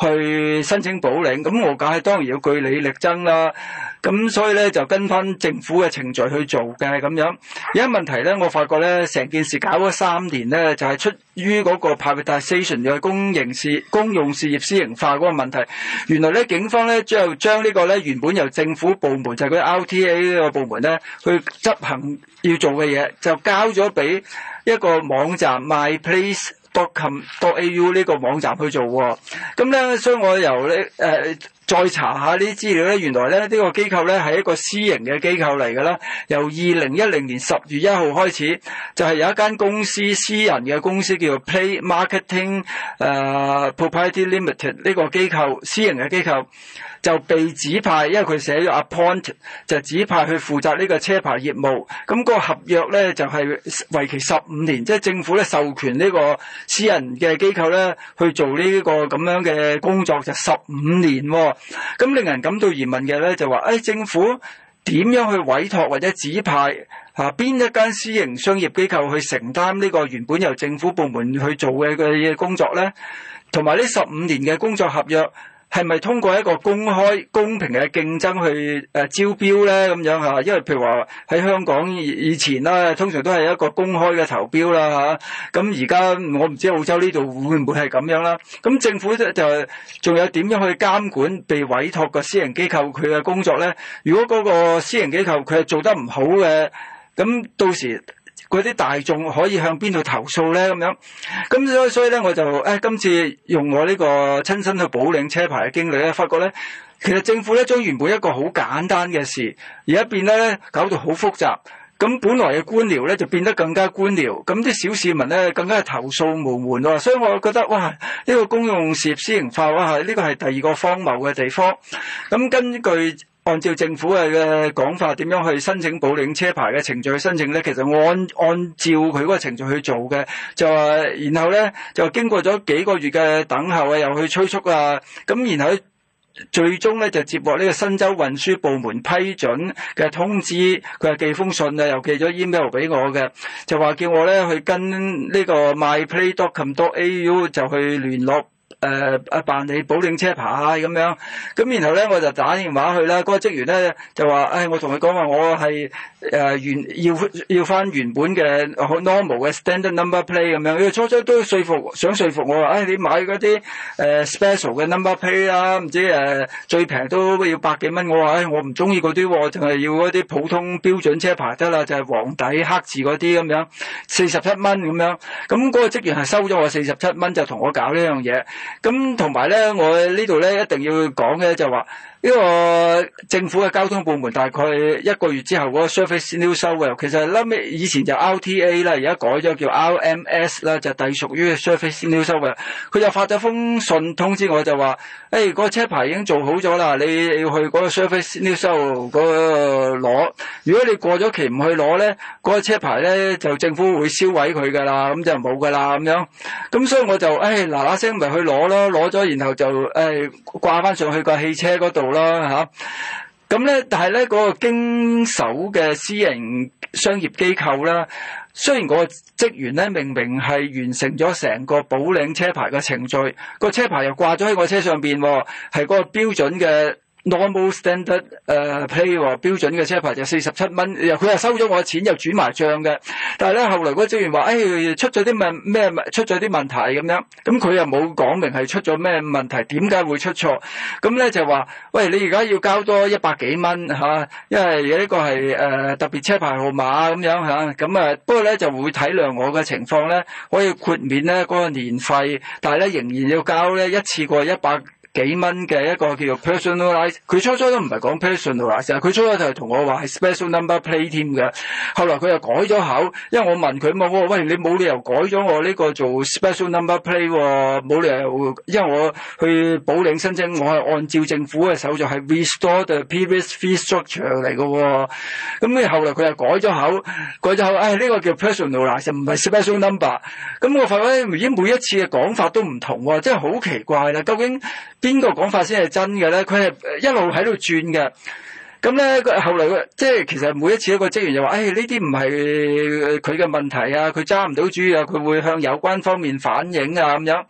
去申請補領，咁我梗係當然要據理力爭啦。咁所以咧就跟翻政府嘅程序去做嘅咁樣。有一問題咧，我發覺咧成件事搞咗三年咧，就係、是、出於嗰個 privatization 嘅公營事公用事業私營化嗰個問題。原來咧警方咧將呢個咧原本由政府部門就係、是、嗰啲 RTA 呢個部門咧去執行要做嘅嘢，就交咗俾一個網站 MyPlace。My Place, d o c o m d o a u 呢個網站去做喎，咁咧，所以我由咧、呃、再查下呢啲資料咧，原來咧呢、這個機構咧係一個私營嘅機構嚟㗎啦。由二零一零年十月一號開始，就係、是、有一間公司，私人嘅公司叫做 Play Marketing，Property、呃、Limited 呢個機構，私人嘅機構。就被指派，因為佢寫咗 appoint，就指派去負責呢個車牌業務。咁、那個合約呢，就係、是、為期十五年，即、就、係、是、政府咧授權呢個私人嘅機構呢去做呢個咁樣嘅工作，就十五年、哦。咁令人感到疑問嘅呢，就話：誒、哎、政府點樣去委託或者指派啊？邊一間私營商業機構去承擔呢個原本由政府部門去做嘅嘅工作呢？同埋呢十五年嘅工作合約。係咪通過一個公開、公平嘅競爭去誒招標呢？咁樣吓，因為譬如話喺香港以前啦，通常都係一個公開嘅投標啦，吓。咁而家我唔知澳洲呢度會唔會係咁樣啦。咁政府就仲有點樣去監管被委託嘅私人機構佢嘅工作呢？如果嗰個私人機構佢係做得唔好嘅，咁到時。嗰啲大眾可以向邊度投訴咧？咁樣，咁所以所以咧，我就誒今次用我呢個親身去保領車牌嘅經歷咧，發覺咧其實政府咧將原本一個好簡單嘅事而家變得咧，搞到好複雜，咁本來嘅官僚咧就變得更加官僚，咁啲小市民咧更加係投訴無門喎。所以我覺得哇，呢個公用事業私營化哇係呢個係第二個荒謬嘅地方。咁根據。按照政府嘅嘅講法，點樣去申請補領車牌嘅程序去申請咧？其實我按按照佢嗰個程序去做嘅，就話然後咧就經過咗幾個月嘅等候啊，又去催促啊，咁然後最終咧就接獲呢個新州運輸部門批准嘅通知，佢係寄封信啊，又寄咗 email 俾我嘅，就話叫我咧去跟呢個 myplay.com.au 就去聯絡。誒、呃，啊，辦理補領車牌咁樣，咁然後咧我就打電話去啦，嗰、那個職員咧就話，誒、哎，我同佢講話，我係誒原要要翻原本嘅 normal 嘅 standard number plate 咁樣，佢初初都說服想說服我話，誒、哎，你買嗰啲誒 special 嘅 number plate 啊，唔知誒最平都要百幾蚊，我話，誒、哎，我唔中意嗰啲，淨係要嗰啲普通標準車牌得啦，就係黃底黑字嗰啲咁樣，四十七蚊咁樣，咁、那、嗰個職員係收咗我四十七蚊就同我搞呢樣嘢。咁同埋咧，我呢度咧一定要講嘅就話呢個政府嘅交通部門大概一個月之後嗰個 Service NSW 嘅。其實拉尾以前就 RTA 啦，而家改咗叫 RMS 啦，就隸屬於 Service NSW 嘅。佢就發咗封信通知我就，就話。誒、哎，嗰、那個車牌已經做好咗啦，你要去嗰個 Service NSW 嗰度攞。如果你過咗期唔去攞咧，嗰、那個車牌咧就政府會銷毀佢噶啦，咁就冇噶啦咁樣。咁所以我就誒嗱嗱聲咪去攞咯，攞咗然後就誒掛翻上去那個汽車嗰度啦，吓。咁咧，但係咧嗰個經手嘅私營商業機構啦。雖然嗰個職員呢，明明係完成咗成個補領車牌嘅程序，個車牌又掛咗喺我車上邊，係嗰個標準嘅。normal standard 誒批和標準嘅車牌就四十七蚊，佢又收咗我錢又轉埋帳嘅。但係咧，後來嗰職員話，誒出咗啲問咩？出咗啲問題咁樣。咁佢又冇講明係出咗咩問題，點解會出錯？咁咧就話，喂，你而家要交多一百幾蚊嚇，因為有呢個係誒特別車牌號碼咁樣嚇。咁啊，不過咧就會體諒我嘅情況咧，可以豁免咧嗰個年費，但係咧仍然要交咧一次過一百幾蚊嘅一個叫做 personalize，佢初初都唔係講 personalize，佢初初就係同我話係 special number play 添嘅。後來佢又改咗口，因為我問佢嘛，喂，你冇理由改咗我呢個做 special number play 喎，冇理由。因為我去補領申請，我係按照政府嘅手續係 restore the previous fee structure 嚟喎。咁你後來佢又改咗口，改咗口，唉，呢個叫 personalize，唔係 special number。咁我發覺已經每一次嘅講法都唔同喎，真係好奇怪啦！究竟，邊個講法先係真嘅咧？佢係一路喺度轉嘅，咁咧後嚟即係其實每一次一個職員就話：誒，呢啲唔係佢嘅問題啊，佢揸唔到主啊，佢會向有關方面反映啊咁樣。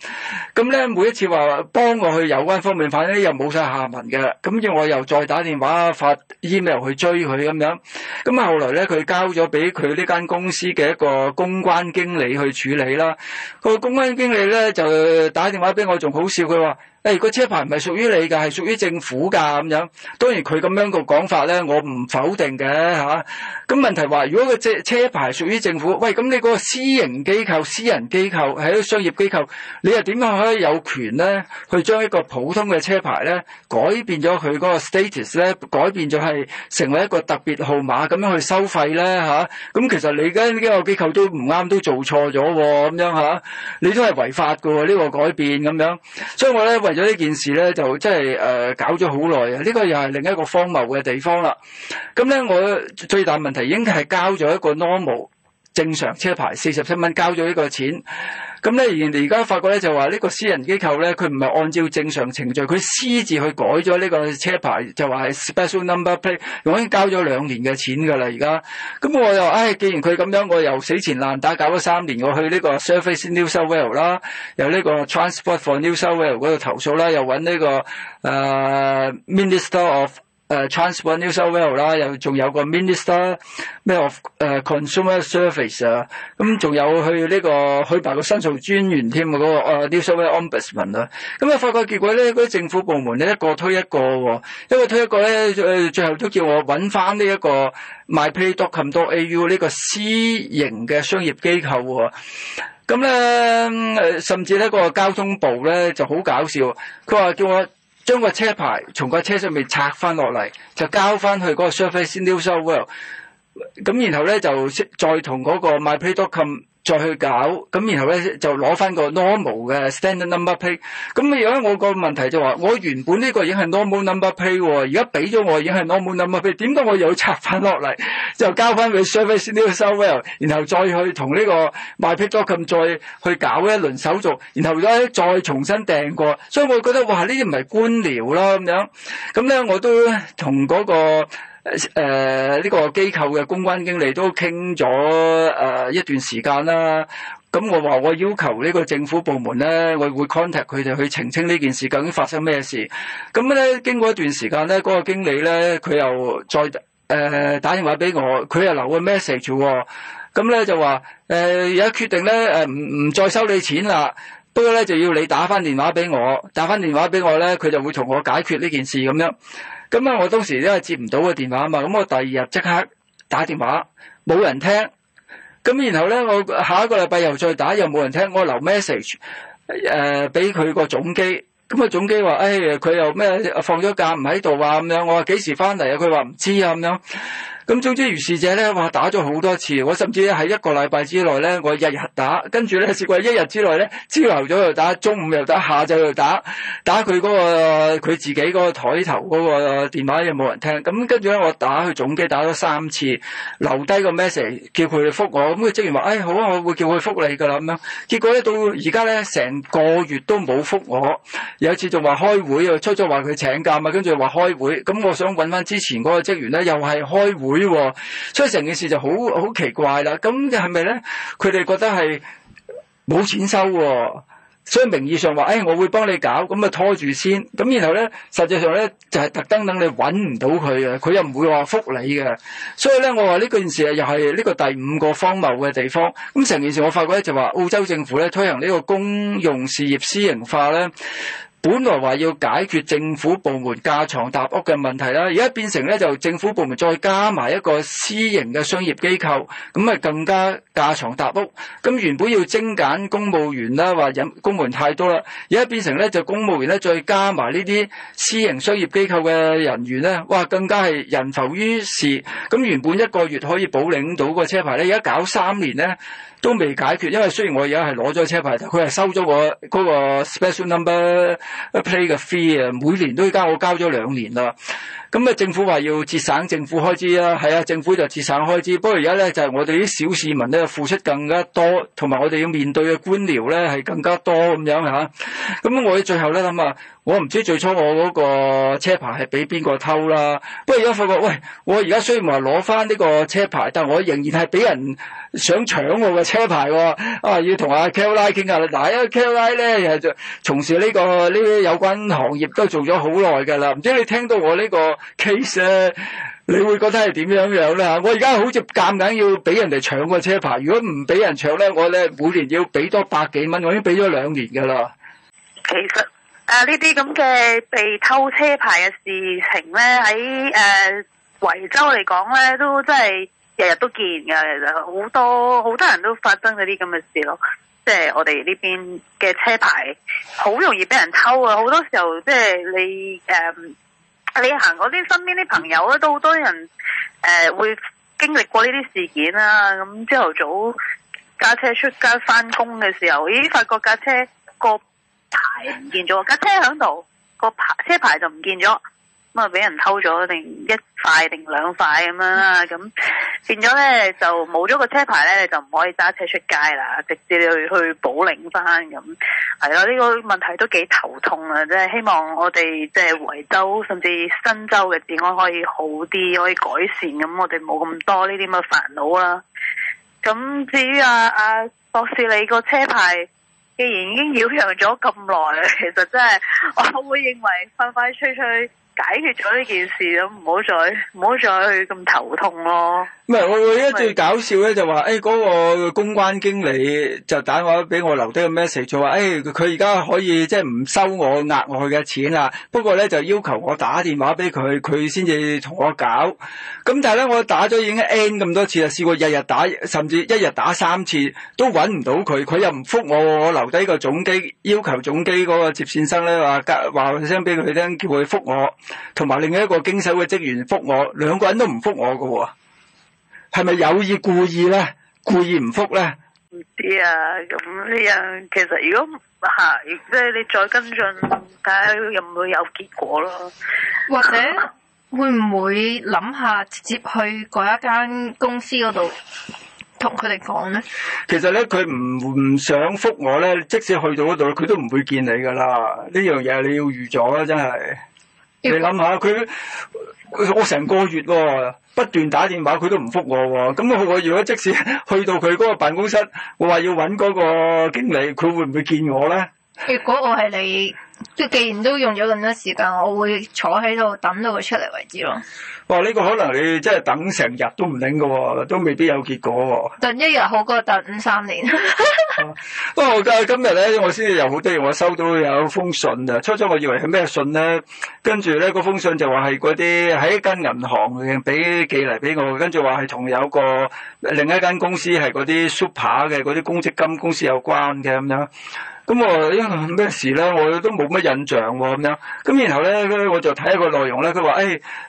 咁咧每一次話幫我去有關方面反映又冇晒下文嘅，咁所以我又再打電話發 email 去追佢咁樣。咁啊後來咧佢交咗俾佢呢間公司嘅一個公關經理去處理啦。個公關經理咧就打電話俾我，仲好笑佢話。誒、哎，個車牌唔係屬於你噶，係屬於政府噶咁樣。當然佢咁樣個講法咧，我唔否定嘅吓。咁、啊、問題話，如果個車牌屬於政府，喂，咁你嗰個私營機構、私人機構喺啲商業機構，你又點樣可以有權咧，去將一個普通嘅車牌咧改變咗佢嗰個 status 咧，改變咗係成為一個特別號碼咁樣去收費咧吓？咁、啊、其實你而家呢個機構都唔啱，都做錯咗咁樣吓、啊，你都係違法噶喎，呢、這個改變咁樣。所以我咧。為咗呢件事咧，就真係誒、呃、搞咗好耐啊。呢個又係另一個荒謬嘅地方啦。咁咧，我最大問題已經係交咗一個 normal 正常車牌四十七蚊，交咗呢個錢。咁咧，而家發覺咧就話呢個私人機構咧，佢唔係按照正常程序，佢私自去改咗呢個車牌，就話係 special number plate，我已經交咗兩年嘅錢㗎啦。而家，咁我又，唉，既然佢咁樣，我又死纏爛打，搞咗三年，我去呢個 Surface New South Wales 啦，由呢個 Transport for New South Wales 嗰度投訴啦，又搵呢、呢個、uh, Minister of。誒、uh, Transport New South Wales 啦，又仲有個 minister 咩 of 誒 consumer service 啊，咁、嗯、仲有去呢、這個去辦個申訴專員添、啊那個誒啲所謂 New South Wales Ombudsman 咁啊、嗯嗯，發覺結果咧，嗰啲政府部門咧一個推一個、哦，一個推一個咧誒、呃，最後都叫我揾翻呢一個 mypaydoc.com.au l 呢個私營嘅商業機構喎、哦。咁咧誒，甚至呢個交通部咧就好搞笑，佢話叫我。將個車牌從個車上面拆翻落嚟，就交翻去嗰個 Service New South Wales。咁然後咧就再同嗰個 MyPay.com。再去搞咁，然後咧就攞翻個 normal 嘅 standard number plate。咁你而家我個問題就話、是，我原本呢個已經係 normal number plate 喎，而家俾咗我已經係 normal number plate，點解我又拆翻落嚟，就交翻俾 service New South Wales，然後再去同呢個 my pick document 再去搞一輪手續，然後咧再重新訂過。所以我覺得哇，呢啲唔係官僚啦咁樣。咁咧我都同嗰、那個。誒、呃、呢、這個機構嘅公關經理都傾咗、呃、一段時間啦。咁、嗯、我話我要求呢個政府部門咧，我會 contact 佢哋去澄清呢件事究竟發生咩事。咁、嗯、咧經過一段時間咧，嗰、那個經理咧佢又再、呃、打電話俾我，佢又留個 message 喎。咁、嗯、咧、嗯、就話誒而家決定咧誒唔唔再收你錢啦。不過咧就要你打返電話俾我，打返電話俾我咧，佢就會同我解決呢件事咁樣。咁啊！我當時因為接唔到個電話嘛，咁我第二日即刻打電話，冇人聽。咁然後咧，我下一個禮拜又再打，又冇人聽。我留 message，誒俾佢個總機。咁個總機話：誒，佢又咩放咗假唔喺度啊？咁樣我話幾時翻嚟啊？佢話唔知啊咁樣。咁總之，如是者咧，話打咗好多次，我甚至咧喺一個禮拜之內咧，我日日打，跟住咧試過一日之內咧，朝頭早又打，中午又打，下晝又打，打佢嗰個佢自己嗰個台頭嗰個電話又冇人聽，咁跟住咧我打去總機打咗三次，留低個 message 叫佢復我，咁個職員話：哎好啊，我會叫佢復你㗎啦。咁樣，結果咧到而家咧成個月都冇復我，有一次就話開會啊，出咗話佢請假嘛，跟住話開會，咁我想揾翻之前嗰個職員咧，又係開會。所以成件事就好好奇怪啦。咁係咪咧？佢哋覺得係冇錢收，所以名義上話：，誒、哎、我會幫你搞，咁啊拖住先。咁然後咧，實際上咧就係特登等你揾唔到佢啊。佢又唔會話覆你嘅。所以咧，我話呢個件事啊，又係呢個第五個荒謬嘅地方。咁成件事我發覺咧，就話澳洲政府咧推行呢個公用事業私營化咧。本來話要解決政府部門架床搭屋嘅問題啦，而家變成咧就政府部門再加埋一個私營嘅商業機構，咁啊更加架床搭屋。咁原本要精簡公務員啦，話人公務員太多啦，而家變成咧就公務員咧再加埋呢啲私營商業機構嘅人員咧，哇更加係人浮於事。咁原本一個月可以補領到個車牌咧，而家搞三年咧。都未解決，因為雖然我而家係攞咗車牌，但佢係收咗我嗰個 special number plate 嘅 fee 啊，每年都交，我交咗兩年啦。咁啊，政府話要節省政府開支啦，係啊，政府就節省開支。不過而家咧就係、是、我哋啲小市民咧付出更加多，同埋我哋要面對嘅官僚咧係更加多咁樣吓。咁、啊、我最後咧諗啊，我唔知最初我嗰個車牌係俾邊個偷啦。不過而家發覺，喂，我而家雖然話攞翻呢個車牌，但係我仍然係俾人想搶我嘅車牌喎。啊，要同阿 Kelvin 傾下啦。嗱，阿 Kelvin 咧就從事呢、這個呢啲、這個、有關行業都做咗好耐噶啦，唔知你聽到我呢、這個？其實你會覺得係點樣樣咧？我而家好似夾硬要俾人哋搶個車牌，如果唔俾人搶咧，我咧每年要俾多百幾蚊，我已經俾咗兩年噶啦。其實誒呢啲咁嘅被偷車牌嘅事情咧，喺誒惠州嚟講咧，都真係日日都見噶，其實好多好多人都發生咗啲咁嘅事咯。即係我哋呢邊嘅車牌好容易俾人偷啊！好多時候即係你誒。呃你行嗰啲身邊啲朋友咧，都好多人、呃、會經歷過呢啲事件啦、啊。咁朝頭早駕車出街翻工嘅時候，咦？發覺駕車個牌唔見咗，駕車響度個牌車牌就唔見咗。咁啊，俾人偷咗定一塊定兩塊咁樣啦，咁變咗咧就冇咗個車牌咧，你就唔可以揸車出街啦，直接你去去補領翻咁係咯。呢個問題都幾頭痛啊！即係希望我哋即係維州甚至新州嘅治安可以好啲，可以改善咁，我哋冇咁多呢啲咁嘅煩惱啦。咁至於阿啊啊博士，你個車牌既然已經擾攘咗咁耐啦，其實真係我會認為快快脆脆。解決咗呢件事咁，唔好再唔好再去咁頭痛咯。唔係我會一最搞笑咧、就是，就話誒嗰個公關經理就打電話俾我留低個 message，就話誒佢而家可以即係唔收我額外嘅錢啦。不過咧就要求我打電話俾佢，佢先至同我搞。咁但係咧我打咗已經 n 咁多次啦，試過日日打，甚至一日打三次都揾唔到佢，佢又唔復我。我留低個總機，要求總機嗰個接線生咧話，話聲俾佢聽，叫佢復我。同埋另一個經手嘅職員復我，兩個人都唔復我嘅，係咪有意故意咧？故意唔復咧？唔知啊，咁呢樣其實如果吓即係你再跟進睇下，又唔會有結果咯？或者會唔會諗下直接去嗰一間公司嗰度同佢哋講咧？其實咧，佢唔唔想復我咧，即使去到嗰度，佢都唔會見你噶啦。呢樣嘢你要預咗啦！真係。你諗下，佢我成個月不斷打電話，佢都唔復我喎。咁我如果即使去到佢嗰個辦公室，我話要搵嗰個經理，佢會唔會見我咧？如果我係你？即係既然都用咗咁多時間，我會坐喺度等到佢出嚟為止咯。哇！呢、這個可能你真係等成日都唔拎嘅，都未必有結果、哦。等一日好過等五三年。不 過、啊、今日咧，我先至有好多嘢。我收到有封信啊。初初我以為係咩信咧，跟住咧嗰封信就話係嗰啲喺一間銀行嘅俾寄嚟俾我，跟住話係同有個另一間公司係嗰啲 super 嘅嗰啲公積金公司有關嘅咁樣。咁我因為咩事咧，我都冇乜印象喎，咁樣。咁然後咧，我就睇一個內容咧，佢話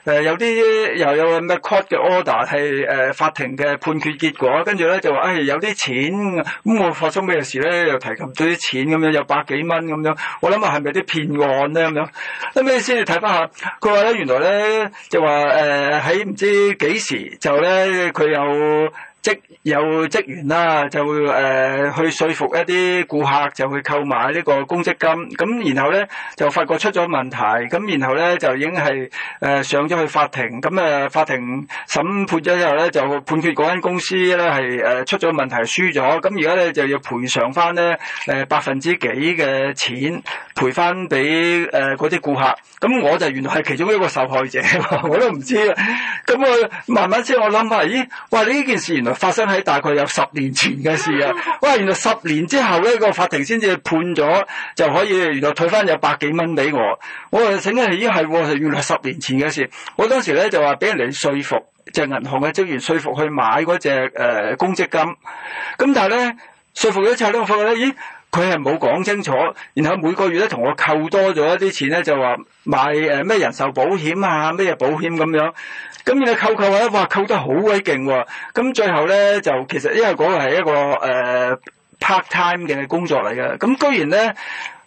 誒有啲又有咩 court 嘅 order 係誒、呃、法庭嘅判決結果，跟住咧就話誒、哎、有啲錢，咁我發生咩事咧，又提及到啲錢咁樣，有百幾蚊咁樣。我諗下係咪啲騙案咧咁樣？咁屘先至睇翻下，佢話咧原來咧就話誒喺唔知幾時就咧佢有。職有職員啦、啊，就會誒、呃、去說服一啲顧客，就去購買呢個公積金。咁然後咧就發覺出咗問題，咁然後咧就已經係誒、呃、上咗去法庭。咁誒法庭審判咗之後咧，就判決間公司咧係誒出咗問題輸咗。咁而家咧就要賠償翻咧誒百分之幾嘅錢，賠翻俾誒啲顧客。咁我就原來係其中一個受害者， 我都唔知啊。咁我慢慢先，我諗下，咦，哇！呢件事原來～發生喺大概有十年前嘅事啊！哇，原來十年之後咧，個法庭先至判咗，就可以原來退翻有百幾蚊俾我。我話：請問咦係原來十年前嘅事，我當時咧就話俾人哋説服，即係銀行嘅職員説服去買嗰隻，呃、公積金。咁但係咧説服咗之後咧，我發覺咧咦～佢係冇講清楚，然後每個月咧同我扣多咗一啲錢咧，就話買誒咩、呃、人壽保險啊，咩保險咁樣，咁然後扣扣下，哇扣得好鬼勁喎！咁、嗯、最後咧就其實因為嗰個係一個誒、呃、part time 嘅工作嚟嘅，咁、嗯、居然咧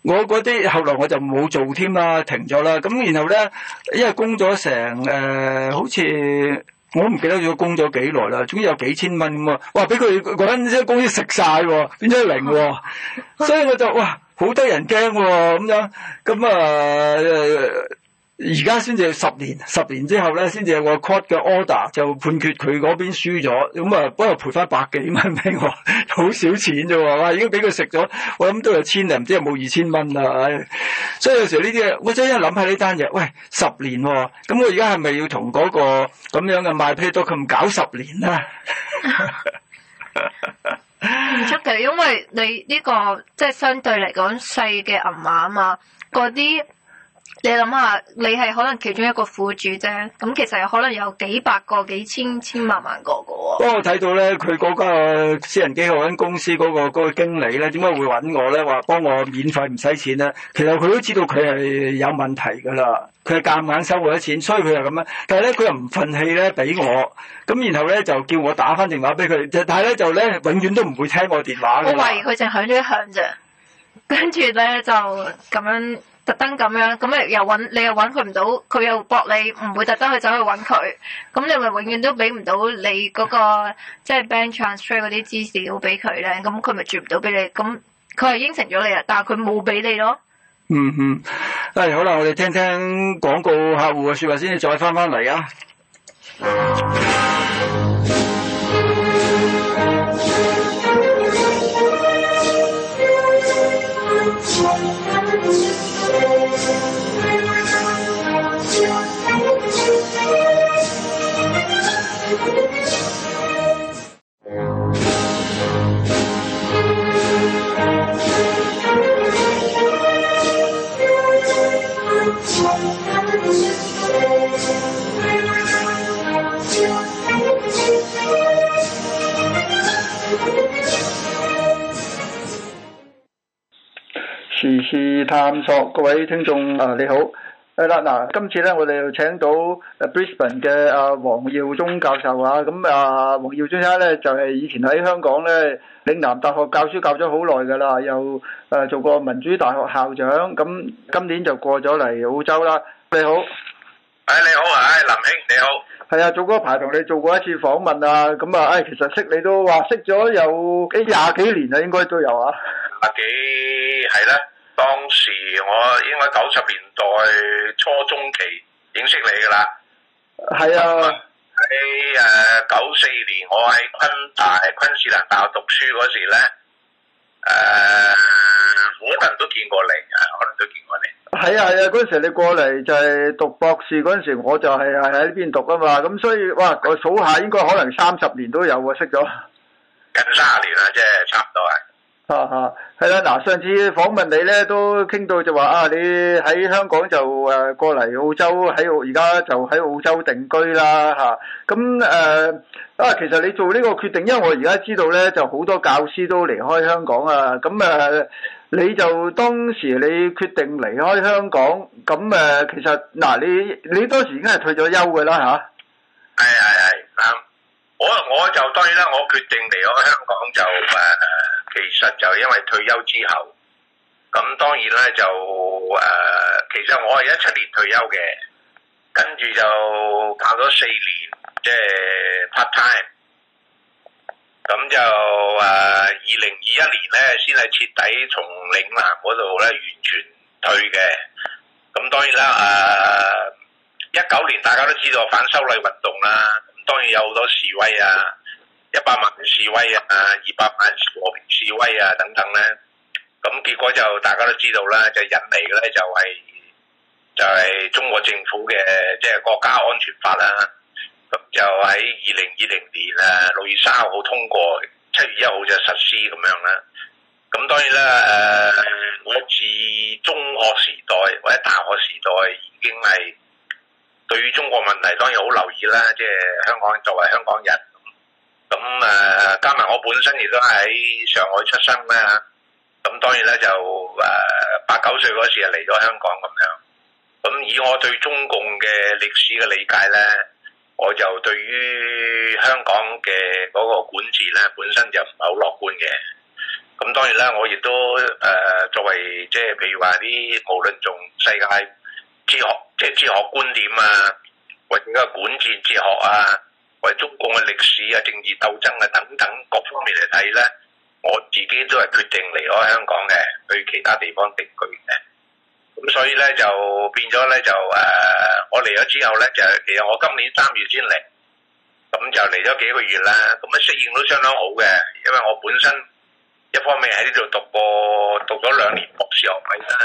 我嗰啲後來我就冇做添啦，停咗啦，咁、嗯、然後咧因為工咗成誒、呃、好似。我唔記得要供咗幾耐啦，總之有幾千蚊咁啊！哇，俾佢嗰間公司食曬喎，變咗零喎，所以我就嘩，好得人驚喎咁樣，咁啊～啊而家先至十年，十年之後咧，先至有個 court 嘅 order 就判決佢嗰邊輸咗，咁啊幫我賠翻百幾蚊俾我，好少錢啫喎！哇，已經俾佢食咗，我諗都有千零，唔知有冇二千蚊啦，唉。所以有時呢啲嘢，我真係諗下呢單嘢，喂，十年喎，哦，咁我而家係咪要同嗰、那個咁樣嘅賣 patent 搞十年咧？唔 出奇，因為你呢、這個即係相對嚟講細嘅銀碼啊嘛，嗰啲。你諗下，你係可能其中一個苦主啫，咁其實可能有幾百個、幾千、千萬萬個不過，嗰、啊、我睇到咧，佢嗰間私人機構公司嗰個個經理咧，點解會揾我咧？話幫我免費唔使錢咧。其實佢都知道佢係有問題噶啦，佢係夾硬收我啲錢，所以佢就咁樣。但係咧，佢又唔憤氣咧，俾我咁，然後咧就叫我打翻電話俾佢。但係咧就咧，永遠都唔會聽我電話。我懷疑佢淨響咗一響啫，跟住咧就咁樣。特登咁樣，咁你又揾你又揾佢唔到，佢又博你，唔會特登去走去揾佢。咁你咪永遠都俾唔到你嗰個即係 bank transfer 嗰啲資料俾佢咧。咁佢咪轉唔到俾你。咁佢係應承咗你啊，但係佢冇俾你咯嗯。嗯嗯，係好啦，我哋聽聽廣告客戶嘅説話先，再翻翻嚟啊。時事探索，各位聽眾啊，你好。誒啦，嗱，今次咧，我哋又請到誒 Brisbane 嘅阿王耀宗教授啊。咁啊，王耀宗咧就係以前喺香港咧嶺南大學教書教咗好耐噶啦，又誒做過民主大學校長。咁今年就過咗嚟澳洲啦。你好，誒你好，誒林兄你好。係啊，早嗰排同你做過一次訪問啊。咁啊，誒其實識你都話識咗有幾廿幾年啦，應該都有啊。廿幾係啦。當時我應該九十年代初中期認識你噶啦，係啊，喺誒九四年我喺昆大昆士蘭大學讀書嗰時咧，誒可能都見過你啊，可能都見過你。係啊係啊，嗰陣時你過嚟就係讀博士嗰陣時，我就係喺呢邊讀啊嘛，咁所以哇，我數下應該可能三十年都有啊，識咗近卅年啦，即係差唔多係。啊哈，係啦，嗱，上次訪問你咧，都傾到就話啊，你喺香港就誒過嚟澳洲，喺而家就喺澳洲定居啦，嚇。咁誒，啊，其實你做呢個決定，因為我而家知道咧，就好多教師都離開香港啊。咁誒，你就當時你決定離開香港，咁誒，其實嗱，你你當時已經係退咗休嘅啦，嚇。係係係，啱。我我就當然啦，我決定離開香港就誒誒。其實就因為退休之後，咁當然咧就誒、呃，其實我係一七年退休嘅，跟住就搞咗四年，即係 part time。咁就誒二零二一年咧，先係徹底從嶺南嗰度咧完全退嘅。咁當然啦，誒一九年大家都知道反修例運動啦，咁當然有好多示威啊。一百萬示威啊，二百萬和平示威啊，等等呢。咁結果就大家都知道啦，就是，就引嚟咧就係就係中國政府嘅即係國家安全法啊。咁就喺二零二零年啊六月三十號通過，七月一號就實施咁樣啦。咁當然啦，誒，我自中學時代或者大學時代已經係對於中國問題當然好留意啦，即係香港作為香港人。咁誒，加埋我本身亦都喺上海出生啦，咁當然咧就誒八九歲嗰時就嚟咗香港咁樣。咁以我對中共嘅歷史嘅理解咧，我就對於香港嘅嗰個管治咧本身就唔係好樂觀嘅。咁當然呢，我亦都誒作為即係譬如話啲無論從世界哲學即係哲學觀點啊，或者個管治哲學啊。為中共嘅歷史啊、政治鬥爭啊等等各方面嚟睇咧，我自己都係決定離開香港嘅，去其他地方定居嘅。咁所以咧就變咗咧就誒，我嚟咗之後咧就其實我今年三月先嚟，咁就嚟咗幾個月啦，咁啊適應都相當好嘅，因為我本身一方面喺呢度讀過讀咗兩年博士學位啦，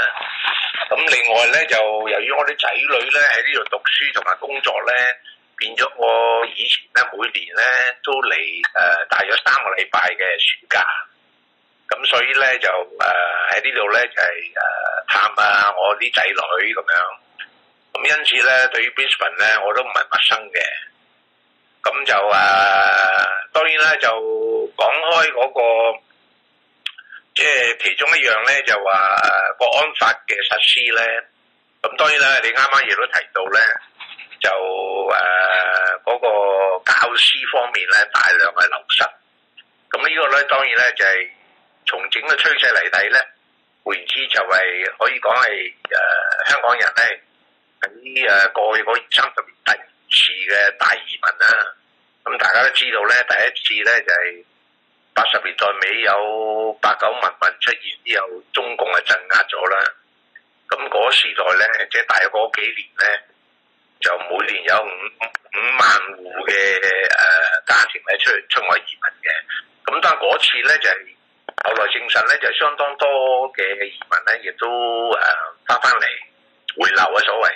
咁另外咧就由於我啲仔女咧喺呢度讀書同埋工作咧。變咗我以前咧，每年咧都嚟誒大約三個禮拜嘅暑假，咁所以咧就誒喺呢度咧就係誒探下我啲仔女咁樣，咁因此咧對於 Brisbane 咧我都唔係陌生嘅，咁就誒當然咧就講開嗰、那個，即係其中一樣咧就話國安法嘅實施咧，咁當然咧你啱啱亦都提到咧。就誒嗰、呃那個教師方面咧，大量嘅流失。咁呢個咧，當然咧就係、是、從整個趨勢嚟睇咧，換言之就係可以講係誒香港人咧喺誒過去嗰三十年第二次嘅大移民啦、啊。咁大家都知道咧，第一次咧就係八十年代尾有八九民運出現之後，中共係鎮壓咗啦。咁、那、嗰、個、時代咧，即、就、係、是、大約嗰幾年咧。就每年有五五五萬戶嘅誒家庭咧出出外移民嘅，咁但嗰次咧就係、是、後來證實咧就相當多嘅移民咧亦都誒翻返嚟回流嘅所謂。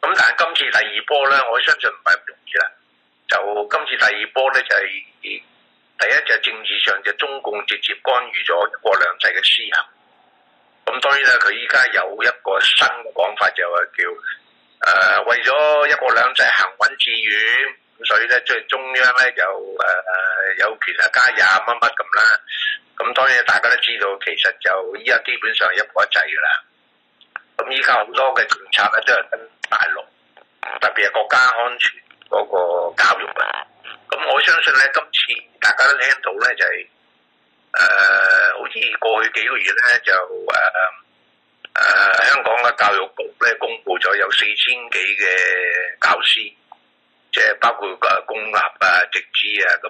咁但係今次第二波咧我相信唔係咁容易啦，就今次第二波咧就係、是、第一就係、是、政治上就中共直接干預咗一國兩制嘅施行，咁當然啦佢依家有一個新講法就係叫。誒、呃，為咗一國兩制行穩致遠，咁所以咧，即係中央咧就誒、呃、有權啊加廿乜乜咁啦。咁當然大家都知道，其實就依家基本上係一國一制噶啦。咁依家好多嘅政策咧，都係跟大陸，特別係國家安全嗰個教育啦。咁我相信咧，今次大家都聽到咧就係、是、誒、呃，好似過去幾個月咧就誒。呃誒、呃，香港嘅教育局咧公布咗有四千幾嘅教師，即、就、係、是、包括誒公立啊、直資啊，咁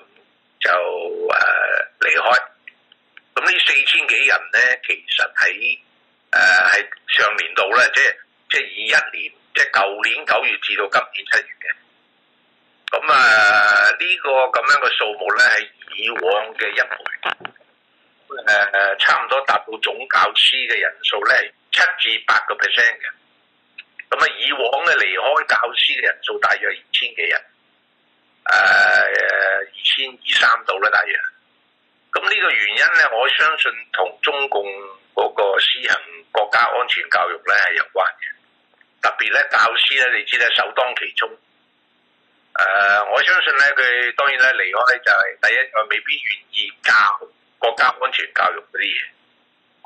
就誒離開。咁、呃、呢四千幾人咧，其實喺誒喺上年度咧，即係即係二一年，即係舊年九月至到今年七月嘅。咁啊，呢個咁樣嘅數目咧，係以往嘅一倍。誒、呃，差唔多達到總教師嘅人數咧。七至八個 percent 嘅，咁啊以往咧離開教師嘅人數大約二千幾人，誒、呃、二千二三度啦大約。咁呢個原因咧，我相信同中共嗰個施行國家安全教育咧係有關嘅，特別咧教師咧，你知咧首當其衝。誒、呃，我相信咧佢當然咧離開就係、是、第一，佢未必願意教國家安全教育嗰啲嘢；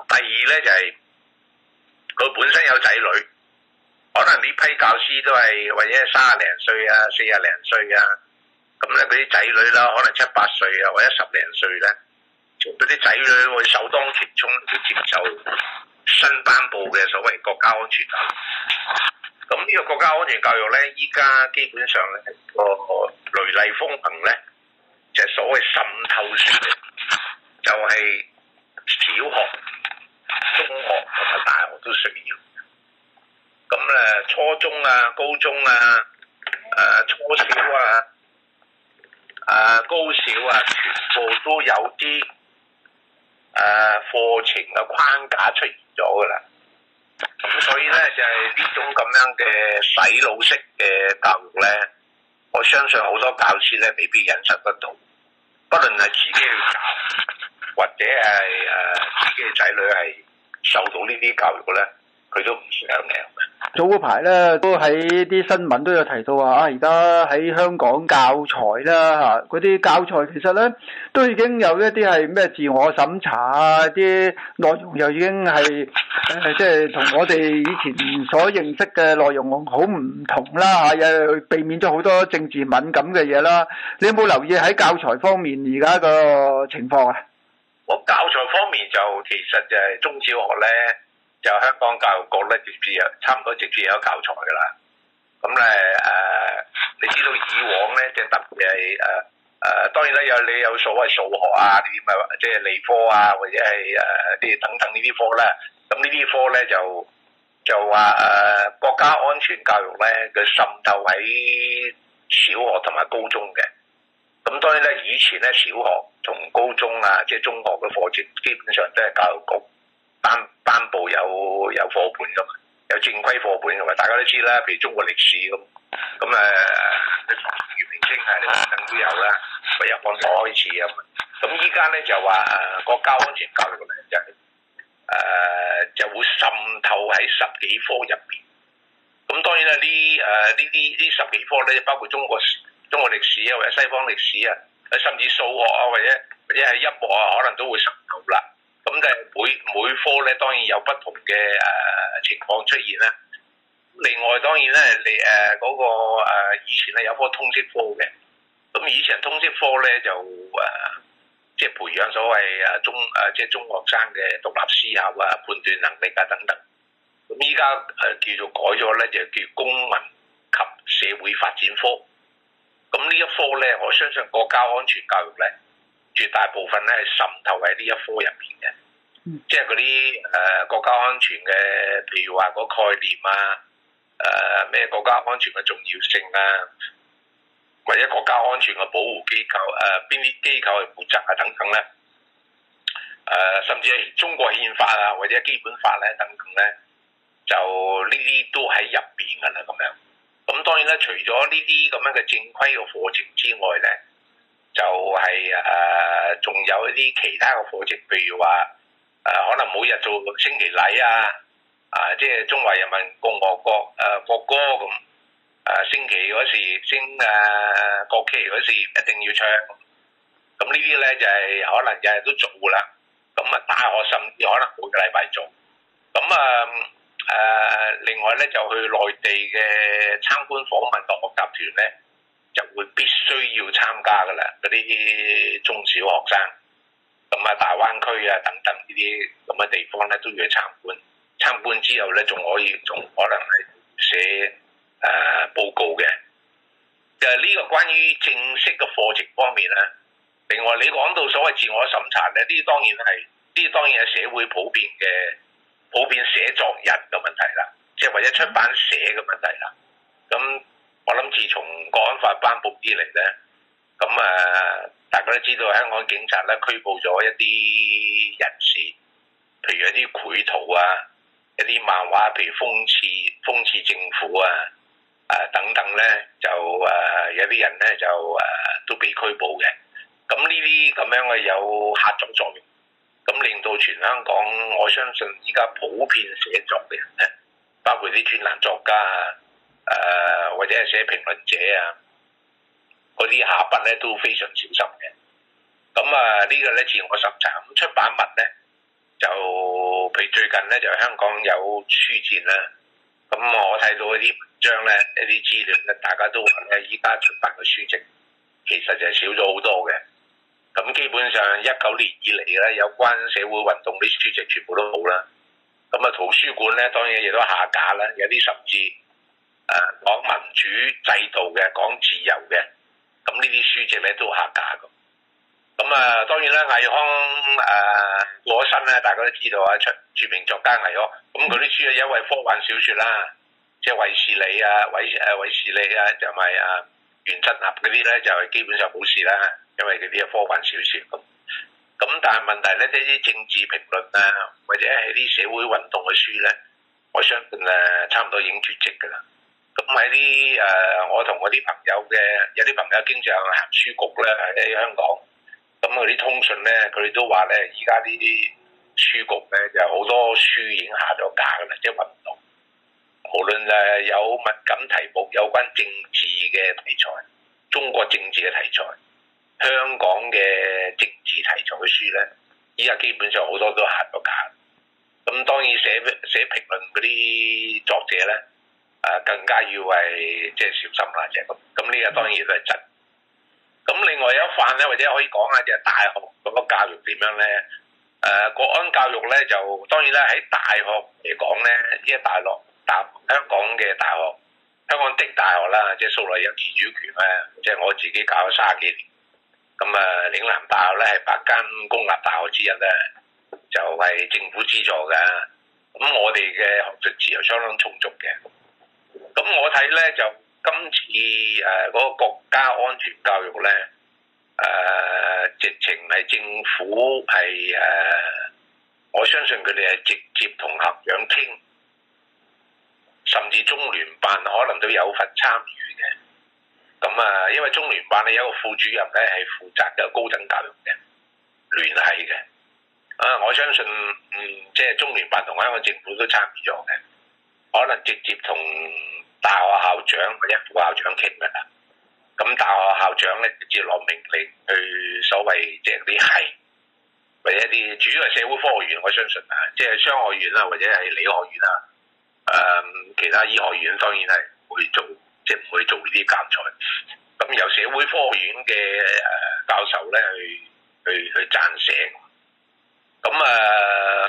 第二咧就係、是。佢本身有仔女，可能呢批教師都係或者三廿零歲啊、四廿零歲啊，咁咧佢啲仔女啦，可能七八歲啊或者十零歲咧，嗰啲仔女會首當其衝要接受新頒布嘅所謂國家安全教育。咁呢個國家安全教育咧，依家基本上、個雷厲風行咧，就係、是、所謂滲透式，就係、是、小學。中學同埋大學都需要，咁咧，初中啊、高中啊、誒、啊、初小啊、誒、啊、高小啊，全部都有啲誒課程嘅框架出現咗噶啦。咁所以咧就係、是、呢種咁樣嘅洗腦式嘅教育咧，我相信好多教師咧未必認識得到，不論係自己去搞。或者係誒自己嘅仔女係受到呢啲教育嘅咧，佢都唔想嘅。早嗰排咧都喺啲新聞都有提到話啊，而家喺香港教材啦吓，嗰啲教材其實咧都已經有一啲係咩自我審查啊，啲內容又已經係誒即係同我哋以前所認識嘅內容好唔同啦吓，又避免咗好多政治敏感嘅嘢啦。你有冇留意喺教材方面而家個情況啊？我教材方面就其實就係中小學咧，就香港教育局咧直至有，差唔多直至有教材噶啦。咁咧誒，你知道以往咧，即特別係誒誒，當然啦，有你有所謂數學啊呢啲咪啊，即係理科啊，或者係誒啲等等呢啲科啦。咁呢啲科咧就就話誒、啊、國家安全教育咧，佢滲透喺小學同埋高中嘅。咁當然咧，以前咧小學同高中啊，即、就、係、是、中學嘅課程基本上都係教育局頒頒布有有課本，咁，有正規課本同埋，大家都知啦，譬如中國歷史咁，咁誒啲明清啊等等都有啦，由國小開始咁。咁依家咧就話、呃、國家安全教育嘅嘢，誒、呃、就會滲透喺十幾科入邊。咁當然啦，呢誒呢啲呢十幾科咧，包括中國史中國歷史啊，或者西方歷史啊，甚至數學啊，或者或者係音樂啊，可能都會涉及啦。咁就每每科咧，當然有不同嘅誒情況出現啦。另外當然咧，你誒嗰個以前係有科通識科嘅，咁以前通識科咧就誒即係培養所謂誒中誒即係中學生嘅獨立思考啊、判斷能力啊等等。咁依家誒叫做改咗咧，就叫公民及社會發展科。咁呢一科咧，我相信國家安全教育咧，絕大部分咧係滲透喺呢一科入面嘅，即係嗰啲誒國家安全嘅，譬如話個概念啊，誒、呃、咩國家安全嘅重要性啊，或者國家安全嘅保護機構誒邊啲機構嘅負責啊，等等咧、呃，甚至係中國憲法啊或者基本法咧等等咧，就呢啲都喺入面噶啦，咁樣。咁當然啦，除咗呢啲咁樣嘅正規嘅課程之外咧，就係誒，仲有一啲其他嘅課程，譬如話誒，可能每日做星期禮啊，啊，即係中華人民共和國誒國歌咁，誒星期嗰時先誒國旗嗰時一定要唱。咁呢啲咧就係可能日日都做啦。咁啊，大學甚至可能每個禮拜做。咁啊～誒、啊，另外咧就去內地嘅參觀訪問學習團咧，就會必須要參加噶啦，嗰啲中小學生，咁啊大灣區啊等等呢啲咁嘅地方咧都要去參觀。參觀之後咧，仲可以仲可能係寫誒報告嘅。就呢個關於正式嘅課程方面咧，另外你講到所謂自我審查咧，呢啲當然係呢啲當然係社會普遍嘅。普遍寫作人嘅問題啦，即係或者出版社嘅問題啦。咁我諗，自從《國安法》頒布以嚟咧，咁啊、呃，大家都知道香港警察咧拘捕咗一啲人士，譬如一啲繪圖啊，一啲漫畫，譬如諷刺諷刺政府啊，啊、呃、等等咧，就誒、呃、有啲人咧就誒、呃、都被拘捕嘅。咁呢啲咁樣嘅有嚇阻作、作用。咁令到全香港，我相信依家普遍寫作嘅人咧，包括啲專欄作家啊，誒或者係寫評論者啊，嗰啲下筆咧都非常小心嘅。咁啊，呢個咧自我審查。咁出版物咧，就譬如最近咧就香港有書展啦。咁我睇到一啲文章咧，一啲資料咧，大家都話咧，依家出版嘅書籍其實就係少咗好多嘅。咁基本上一九年以嚟咧，有關社會運動啲書籍全部都冇啦。咁啊，圖書館咧當然亦都下架啦，有啲甚至、啊、講民主制度嘅、講自由嘅，咁呢啲書籍咧都下架噶。咁啊，當然啦，倪匡誒過咗身咧，大家都知道啊，出著名作家倪匡。咁佢啲書啊，一位科幻小說啦、啊，即係衛斯理啊、衛誒衛斯理呀，啊，就咪啊原振俠嗰啲咧，就是啊就是、基本上冇事啦。因為嗰啲啊科幻小說咁，咁但係問題咧，啲政治評論啊，或者係啲社會運動嘅書咧，我相信誒差唔多已經絕跡㗎啦。咁喺啲誒，我同我啲朋友嘅有啲朋友經常行書局咧喺香港，咁佢啲通訊咧，佢哋都話咧，而家呢啲書局咧就好多書已經下咗架㗎啦，即係運動。無論誒有敏感題目、有關政治嘅題材、中國政治嘅題材。香港嘅政治題材嘅書咧，依家基本上好多都核咗價。咁當然寫寫評論嗰啲作者咧，誒、啊、更加要係即係小心啦，就係、是、咁。咁呢個當然都係真的。咁另外一方面咧，或者可以講下就係、是、大學嗰個教育點樣咧？誒、啊，國安教育咧就當然啦，喺大學嚟講咧，即係大學大香港嘅大學，香港的大學啦，即係素來有自主權咧，即、就、係、是、我自己教咗卅幾年。咁啊，嶺南大學咧係八間公立大學之一咧，就係、是、政府資助嘅。咁我哋嘅學術自由相當充足嘅。咁我睇咧就今次誒嗰個國家安全教育咧，誒、呃、直情係政府係誒、呃、我相信佢哋係直接同校長傾，甚至中聯辦可能都有份參與嘅。咁啊，因為中聯辦咧有一個副主任咧係負責嘅高等教育嘅聯繫嘅，啊，我相信嗯，即係中聯辦同香港政府都參與咗嘅，可能直接同大學校長或者副校長傾嘅啦。咁大學校長咧直接落命令去所謂即係啲係或者一啲主要係社會科學院，我相信啊，即係商學院啊，或者係理學院啊，誒，其他醫學院當然係會做。唔去做呢啲教材，咁由社會科學院嘅誒教授咧去去去撰寫。咁啊、呃，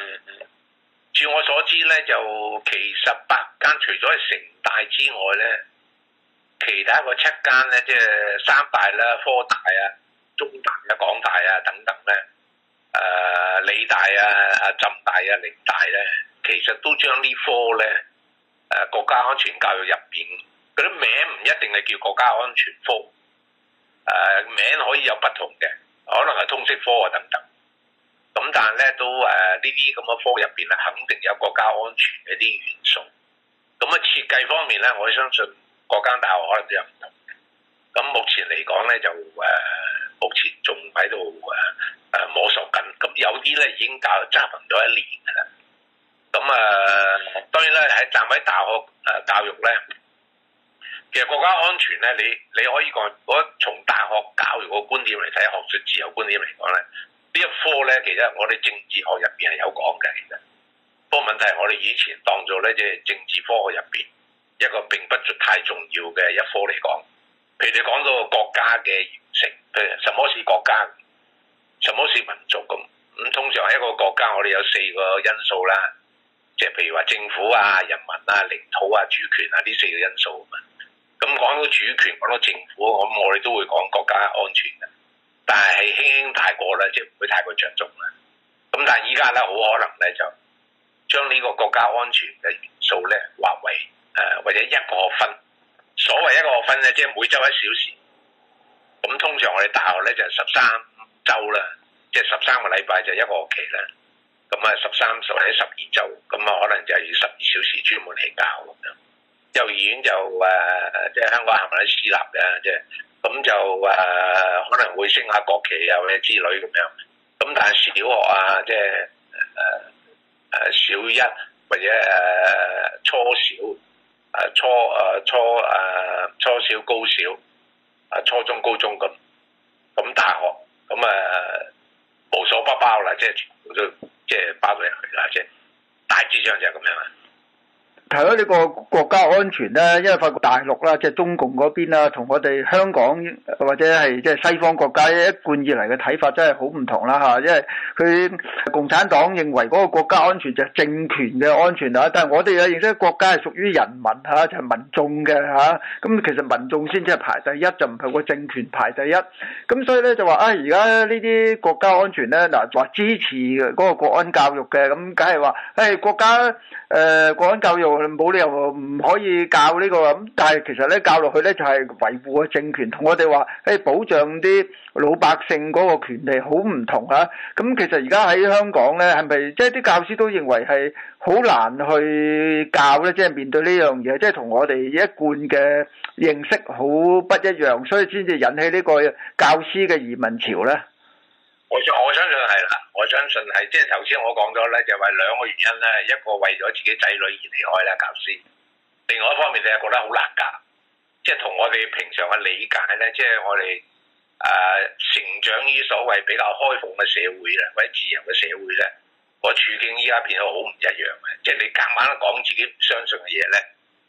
據我所知咧，就其實八間除咗係城大之外咧，其他個七間咧，即係三大啦、科大啊、中大啊、港大啊等等咧，誒、呃，理大啊、阿浸大啊、嶺大咧，其實都將這科呢科咧誒國家安全教育入邊。嗰啲名唔一定係叫國家安全科，誒、啊、名字可以有不同嘅，可能係通識科啊等等。咁但係咧都誒呢啲咁嘅科入邊咧，肯定有國家安全嘅啲元素。咁啊設計方面咧，我相信各間大學可能都有唔同嘅。咁目前嚟講咧就誒、啊，目前仲喺度誒誒摸索緊。咁、啊啊、有啲咧已經教育揸文咗一年噶啦。咁啊，當然咧喺站喺大學誒、啊、教育咧。其實國家安全咧，你你可以講，如果從大學教育個觀點嚟睇，學術自由觀點嚟講咧，呢一科咧，其實我哋政治學入邊係有講嘅。其實，不過問題係我哋以前當做咧，即係政治科學入邊一個並不太重要嘅一科嚟講。譬如你講到國家嘅形成，譬如什麼是國家，什麼是民族咁咁，通常喺一個國家，我哋有四個因素啦，即係譬如話政府啊、人民啊、領土啊、主權啊呢四個因素嘛。咁講到主權，講到政府，咁我哋都會講國家安全嘅，但係輕輕太過啦，即係唔會太過着重啦。咁但係依家咧，好可能咧就將呢個國家安全嘅元素咧劃為或者一個學分。所謂一個學分咧，即係每週一小時。咁通常我哋大學咧就十三週啦，即係十三個禮拜就一個學期啦。咁啊十三，或者十二週，咁啊可能就係要十二小時專門嚟教咁。幼兒園就誒，即係香港係咪啲私立嘅，即係咁就誒、呃，可能會升下國旗啊或者之類咁樣。咁但係小學啊，即係誒誒，小一或者誒初小誒初誒初誒、啊、初小高小啊，初中高中咁。咁大學咁啊，無所不包啦，即係全部都即係包到入去啦，即係大致上就係咁樣提咗呢個國家安全咧，因為發大陸啦，即係中共嗰邊啦，同我哋香港或者係即係西方國家一貫以嚟嘅睇法真係好唔同啦嚇，因為佢共產黨認為嗰個國家安全就係政權嘅安全啦，但係我哋嘅認識國家係屬於人民嚇，就係民眾嘅嚇，咁其實民眾先至係排第一，就唔係個政權排第一。咁所以咧就話啊，而家呢啲國家安全咧嗱話支持嗰個國安教育嘅，咁梗係話誒國家誒國安教育。冇理由唔可以教呢個咁，但係其實咧教落去咧就係維護個政權，同我哋話誒保障啲老百姓嗰個權利好唔同，咁其實而家喺香港咧，係咪即係啲教師都認為係好難去教咧？即係面對呢樣嘢，即係同我哋一貫嘅認識好不一樣，所以先至引起呢個教師嘅移民潮咧。我相信係啦，我相信係即係頭先我講咗咧，就話、係、兩個原因咧，一個為咗自己仔女而離開啦，教師；另外一方面你係覺得好難噶，即係同我哋平常嘅理解咧，即係我哋誒、呃、成長於所謂比較開放嘅社會啊，或者自由嘅社會咧，個處境依家變咗好唔一樣嘅，即係你夾硬講自己唔相信嘅嘢咧，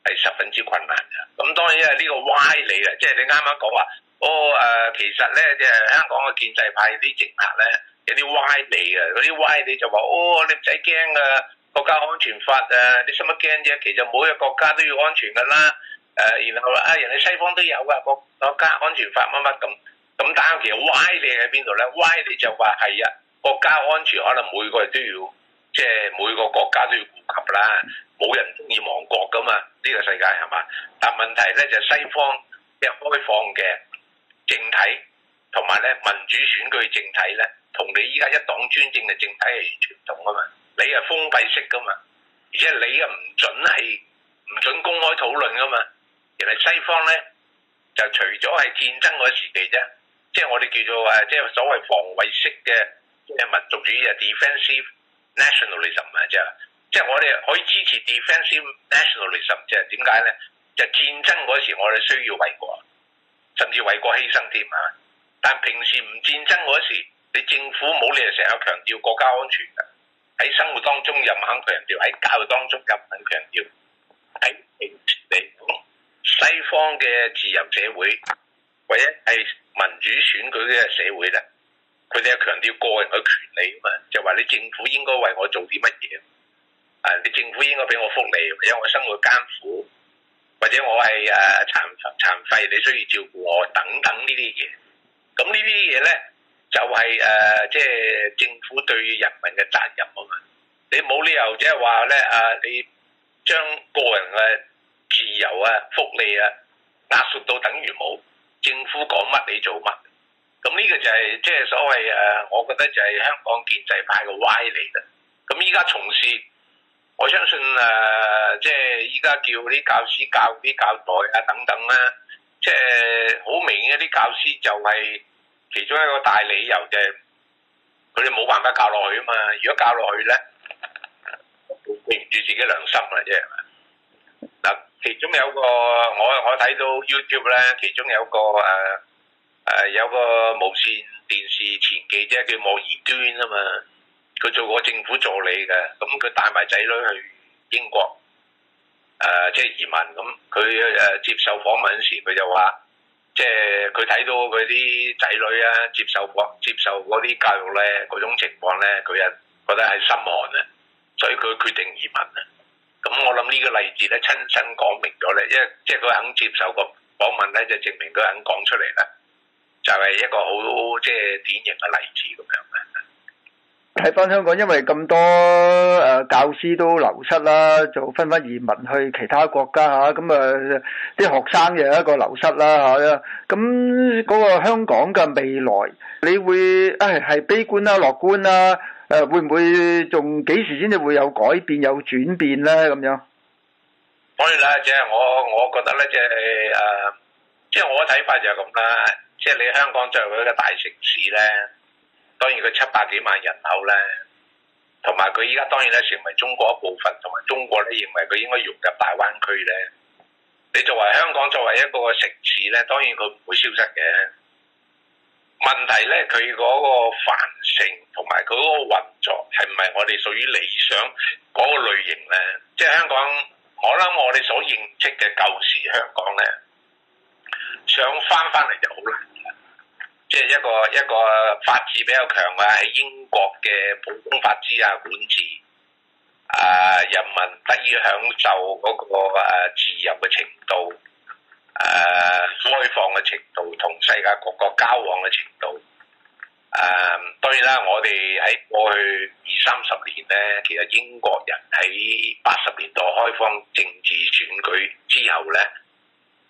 係十分之困難嘅。咁當然係呢個歪理啦，即係你啱啱講話。哦誒、呃，其實咧，即、就、係、是、香港嘅建制派啲政客咧，有啲歪理嘅、啊，嗰啲歪理就話，哦，你唔使驚嘅國家安全法啊，你使乜驚啫？其實每一個國家都要安全嘅啦。誒、呃，然後啊，人哋西方都有嘅國國家安全法乜乜咁。咁但係其實歪理喺邊度咧？歪理就話係啊，國家安全，什麼什麼、啊、家安全可能每個人都要，即係每個國家都要顧及啦。冇人中意亡國嘅嘛，呢、這個世界係嘛？但問題咧就係、是、西方係開放嘅。政體同埋咧民主選舉政體咧，同你依家一黨專政嘅政體係完全唔同噶嘛？你係封閉式噶嘛？而且你又唔準係唔準公開討論噶嘛？人哋西方咧就除咗係戰爭嗰時期啫，即係我哋叫做誒，即係所謂防衛式嘅民族主義啊，defensive nationalism 啊，即係即係我哋可以支持 defensive nationalism 即係點解咧？就戰爭嗰時我哋需要為國。甚至為國犧牲添嚇，但平時唔戰爭嗰時候，你政府冇理由成日強調國家安全嘅，喺生活當中又唔肯強調，喺教育當中又唔肯強調。喺你西方嘅自由社會，或者係民主選舉嘅社會咧，佢哋係強調個人嘅權利啊嘛，就話你政府應該為我做啲乜嘢，啊，你政府應該俾我福利，或者我生活艱苦。或者我係誒殘廢殘廢，你需要照顧我等等呢啲嘢。咁呢啲嘢咧，就係誒即係政府對人民嘅責任啊嘛。你冇理由即係話咧啊，你將個人嘅自由啊、福利啊壓縮到等於冇，政府講乜你做乜。咁呢個就係即係所謂誒、呃，我覺得就係香港建制派嘅歪理啦。咁依家從事。我相信誒、呃，即係依家叫啲教師教啲教材啊等等啦，即係好明顯啲教師就係其中一個大理由嘅，佢哋冇辦法教落去啊嘛。如果教落去咧，對唔住自己良心啦，即係。嗱，其中有一個，我我睇到 YouTube 咧，其中有一個誒、呃、有個無線電視前記者叫莫宜端啊嘛。佢做過政府助理嘅，咁佢帶埋仔女去英國，誒即係移民。咁佢誒接受訪問時，佢就話，即係佢睇到佢啲仔女啊，接受博接受嗰啲教育咧，嗰種情況咧，佢啊覺得係心寒啊，所以佢決定移民啊。咁我諗呢個例子咧，親身講明咗咧，因為即係佢肯接受個訪問咧，就證明佢肯講出嚟啦，就係一個好即係典型嘅例子咁樣嘅。睇返香港，因為咁多誒教師都流失啦，就紛紛移民去其他國家嚇，咁誒啲學生又一個流失啦嚇。咁、啊、嗰個香港嘅未來，你會誒係、哎、悲觀啦、樂觀啦？誒、啊、會唔會仲幾時先至會有改變、有轉變咧？咁樣？所以咧即係我，我覺得咧、就是，即係誒，即係我嘅睇法就係咁啦。即、就、係、是、你香港作為一個大城市咧。當然佢七百幾萬人口呢，同埋佢依家當然咧成為中國一部分，同埋中國咧認為佢應該融入大灣區呢，你作為香港作為一個城市呢，當然佢唔會消失嘅。問題呢，佢嗰個繁盛同埋佢嗰個運作係唔係我哋屬於理想嗰個類型呢？即係香港，我諗我哋所認識嘅舊時香港呢，想翻翻嚟就好難。即係一個一個法治比較強啊，喺英國嘅普通法治啊，管治啊，人民得以享受嗰個自由嘅程度，誒、啊、開放嘅程度，同世界各國交往嘅程度。誒、啊，當然啦，我哋喺過去二三十年咧，其實英國人喺八十年代開放政治選舉之後咧。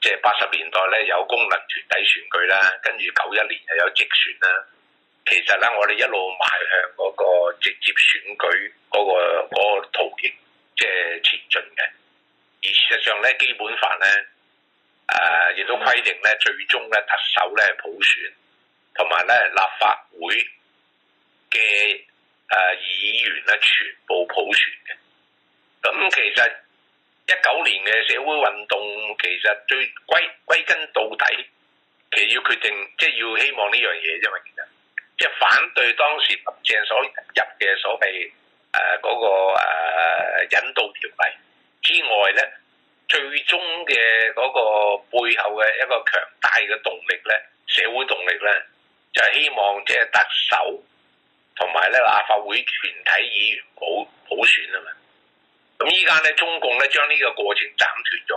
即係八十年代咧，有功能團體選舉啦，跟住九一年又有直選啦。其實咧，我哋一路邁向嗰個直接選舉嗰個途徑，即係前進嘅。而事實上咧，基本法咧，誒亦都規定咧，最終咧特首咧係普選，同埋咧立法會嘅誒議員咧全部普選嘅。咁其實，一九年嘅社會運動其實最歸歸根到底，其實要決定即係要希望呢樣嘢啫嘛。其實即係反對當時林鄭所入嘅所謂誒嗰個、啊、引渡條例之外咧，最終嘅嗰個背後嘅一個強大嘅動力咧，社會動力咧，就係、是、希望即係特首同埋咧立法會全體議員普普選啊嘛。咁依家咧，中共咧將呢個過程斬斷咗，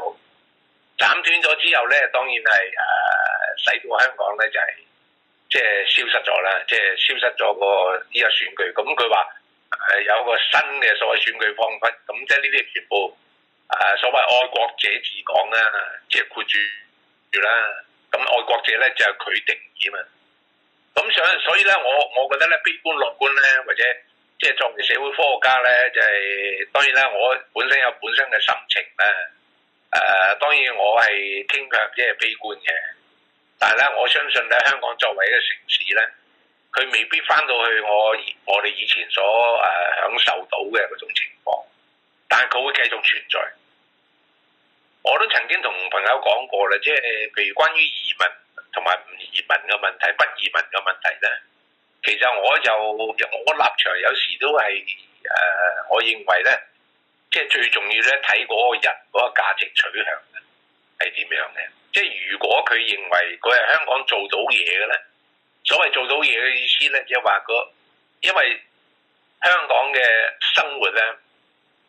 斬斷咗之後咧，當然係誒、啊，使到香港咧就係即係消失咗啦，即、就、係、是、消失咗個依家選舉。咁佢話係有一個新嘅所謂的選舉方法，咁即係呢啲全部誒、啊、所謂愛國者治港啦，即係括住住啦。咁愛國者咧就係、是、佢定義啊嘛。咁想所以咧，我我覺得咧，悲觀樂觀咧，或者。即係作為社會科學家呢，就係當然啦。我本身有本身嘅心情啦。誒，當然我係傾向即係悲觀嘅。但係呢，我相信呢，香港作為一個城市呢，佢未必返到去我我哋以前所誒享受到嘅嗰種情況。但係佢會繼續存在。我都曾經同朋友講過啦，即係譬如關於移民同埋唔移民嘅問題、不移民嘅問題呢。其實我就我立場有時都係誒、呃，我認為咧，即係最重要咧，睇嗰個人嗰個價值取向係點樣嘅。即係如果佢認為佢喺香港做到嘢嘅咧，所謂做到嘢嘅意思咧，即係話個，因為香港嘅生活咧，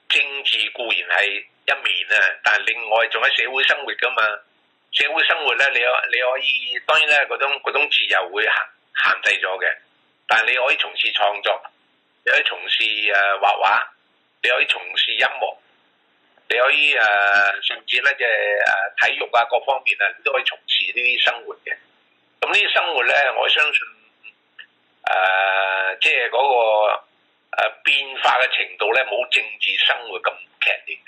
政治固然係一面啊，但係另外仲喺社會生活噶嘛，社會生活咧，你可你可以當然咧嗰種嗰種自由會限限制咗嘅。但係你可以從事創作，你可以從事誒畫畫，你可以從事音樂，你可以誒甚至咧即係誒體育啊各方面啊，你都可以從事呢啲生活嘅。咁呢啲生活咧，我相信誒即係嗰個誒變化嘅程度咧，冇政治生活咁劇烈。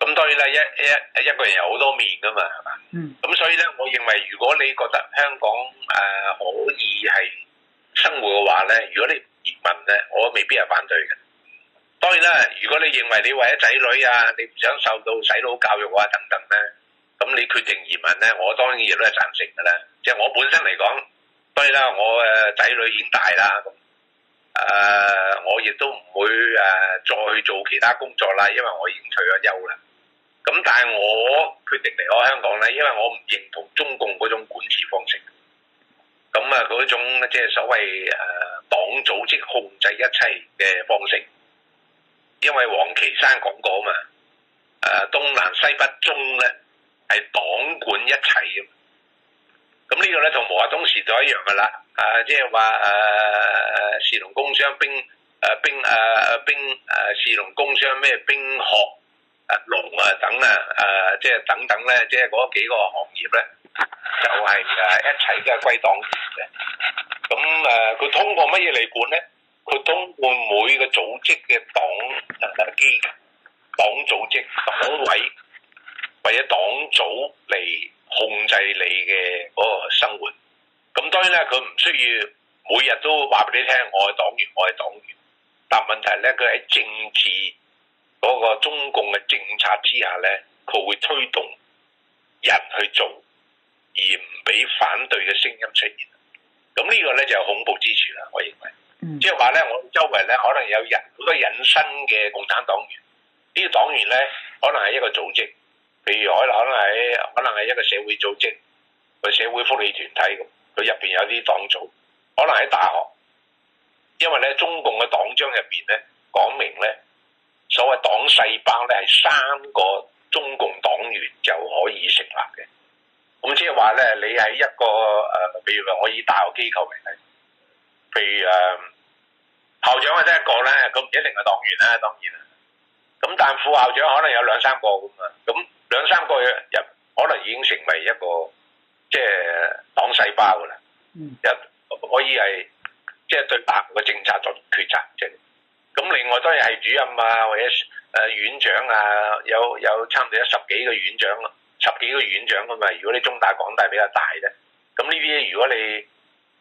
咁當然啦，一一一,一個人有好多面㗎嘛，係嘛？嗯。咁所以咧，我認為如果你覺得香港誒、呃、可以係，生活嘅話咧，如果你移民咧，我未必係反對嘅。當然啦，如果你認為你為咗仔女啊，你唔想受到洗腦教育啊等等咧，咁你決定移民咧，我當然亦都係贊成嘅啦。即係我本身嚟講，當然啦，我仔女已經大啦，咁我亦都唔會再去做其他工作啦，因為我已經退咗休啦。咁但係我決定離開香港咧，因為我唔認同中共嗰種管治方式。咁啊，嗰種即係所謂誒黨組織控制一切嘅方式，因為王岐山講過啊嘛，誒東南西北中呢係黨管一切咁。呢個呢，同毛澤東時代一樣㗎喇，即係話誒士農工商兵誒、啊、兵誒、啊、兵誒、啊、士、啊、工商咩兵學，啊，農啊，等啊，誒、呃，即、就、係、是、等等咧，即係嗰幾個行業咧，就係、是、誒一切嘅歸黨嘅。咁誒，佢、呃、通過乜嘢嚟管咧？佢通過每個組織嘅黨誒基層黨組織、黨委或者黨組嚟控制你嘅嗰個生活。咁當然咧，佢唔需要每日都話俾你聽我係黨員，我係黨員。但問題咧，佢係政治。嗰個中共嘅政策之下咧，佢會推動人去做，而唔俾反對嘅聲音出現。咁呢個咧就係恐怖之處啦，我認為。即係話咧，我周圍咧可能有人好多隱身嘅共產黨員，呢個黨員咧可能係一個組織，譬如可能係可能係可能係一個社會組織，個社會福利團體咁，佢入邊有啲黨組，可能喺大學，因為咧中共嘅黨章入邊咧講明咧。所謂黨細胞咧，係三個中共黨員就可以成立嘅。咁即係話咧，你喺一個誒，譬如我以大學的機構嚟睇，譬如誒校長啊，得一個咧，咁唔一定係黨員啦，當然啦。咁但係副校長可能有兩三個咁嘛，咁兩三個人可能已經成為一個即係、就是、黨細胞噶啦，人可以係即係對大學嘅政策作決策即係。咁另外當然係主任啊，或者院長啊，有有差唔多十幾個院長，十幾個院長咁嘛。如果你中大、港大比較大咧，咁呢啲如果你誒、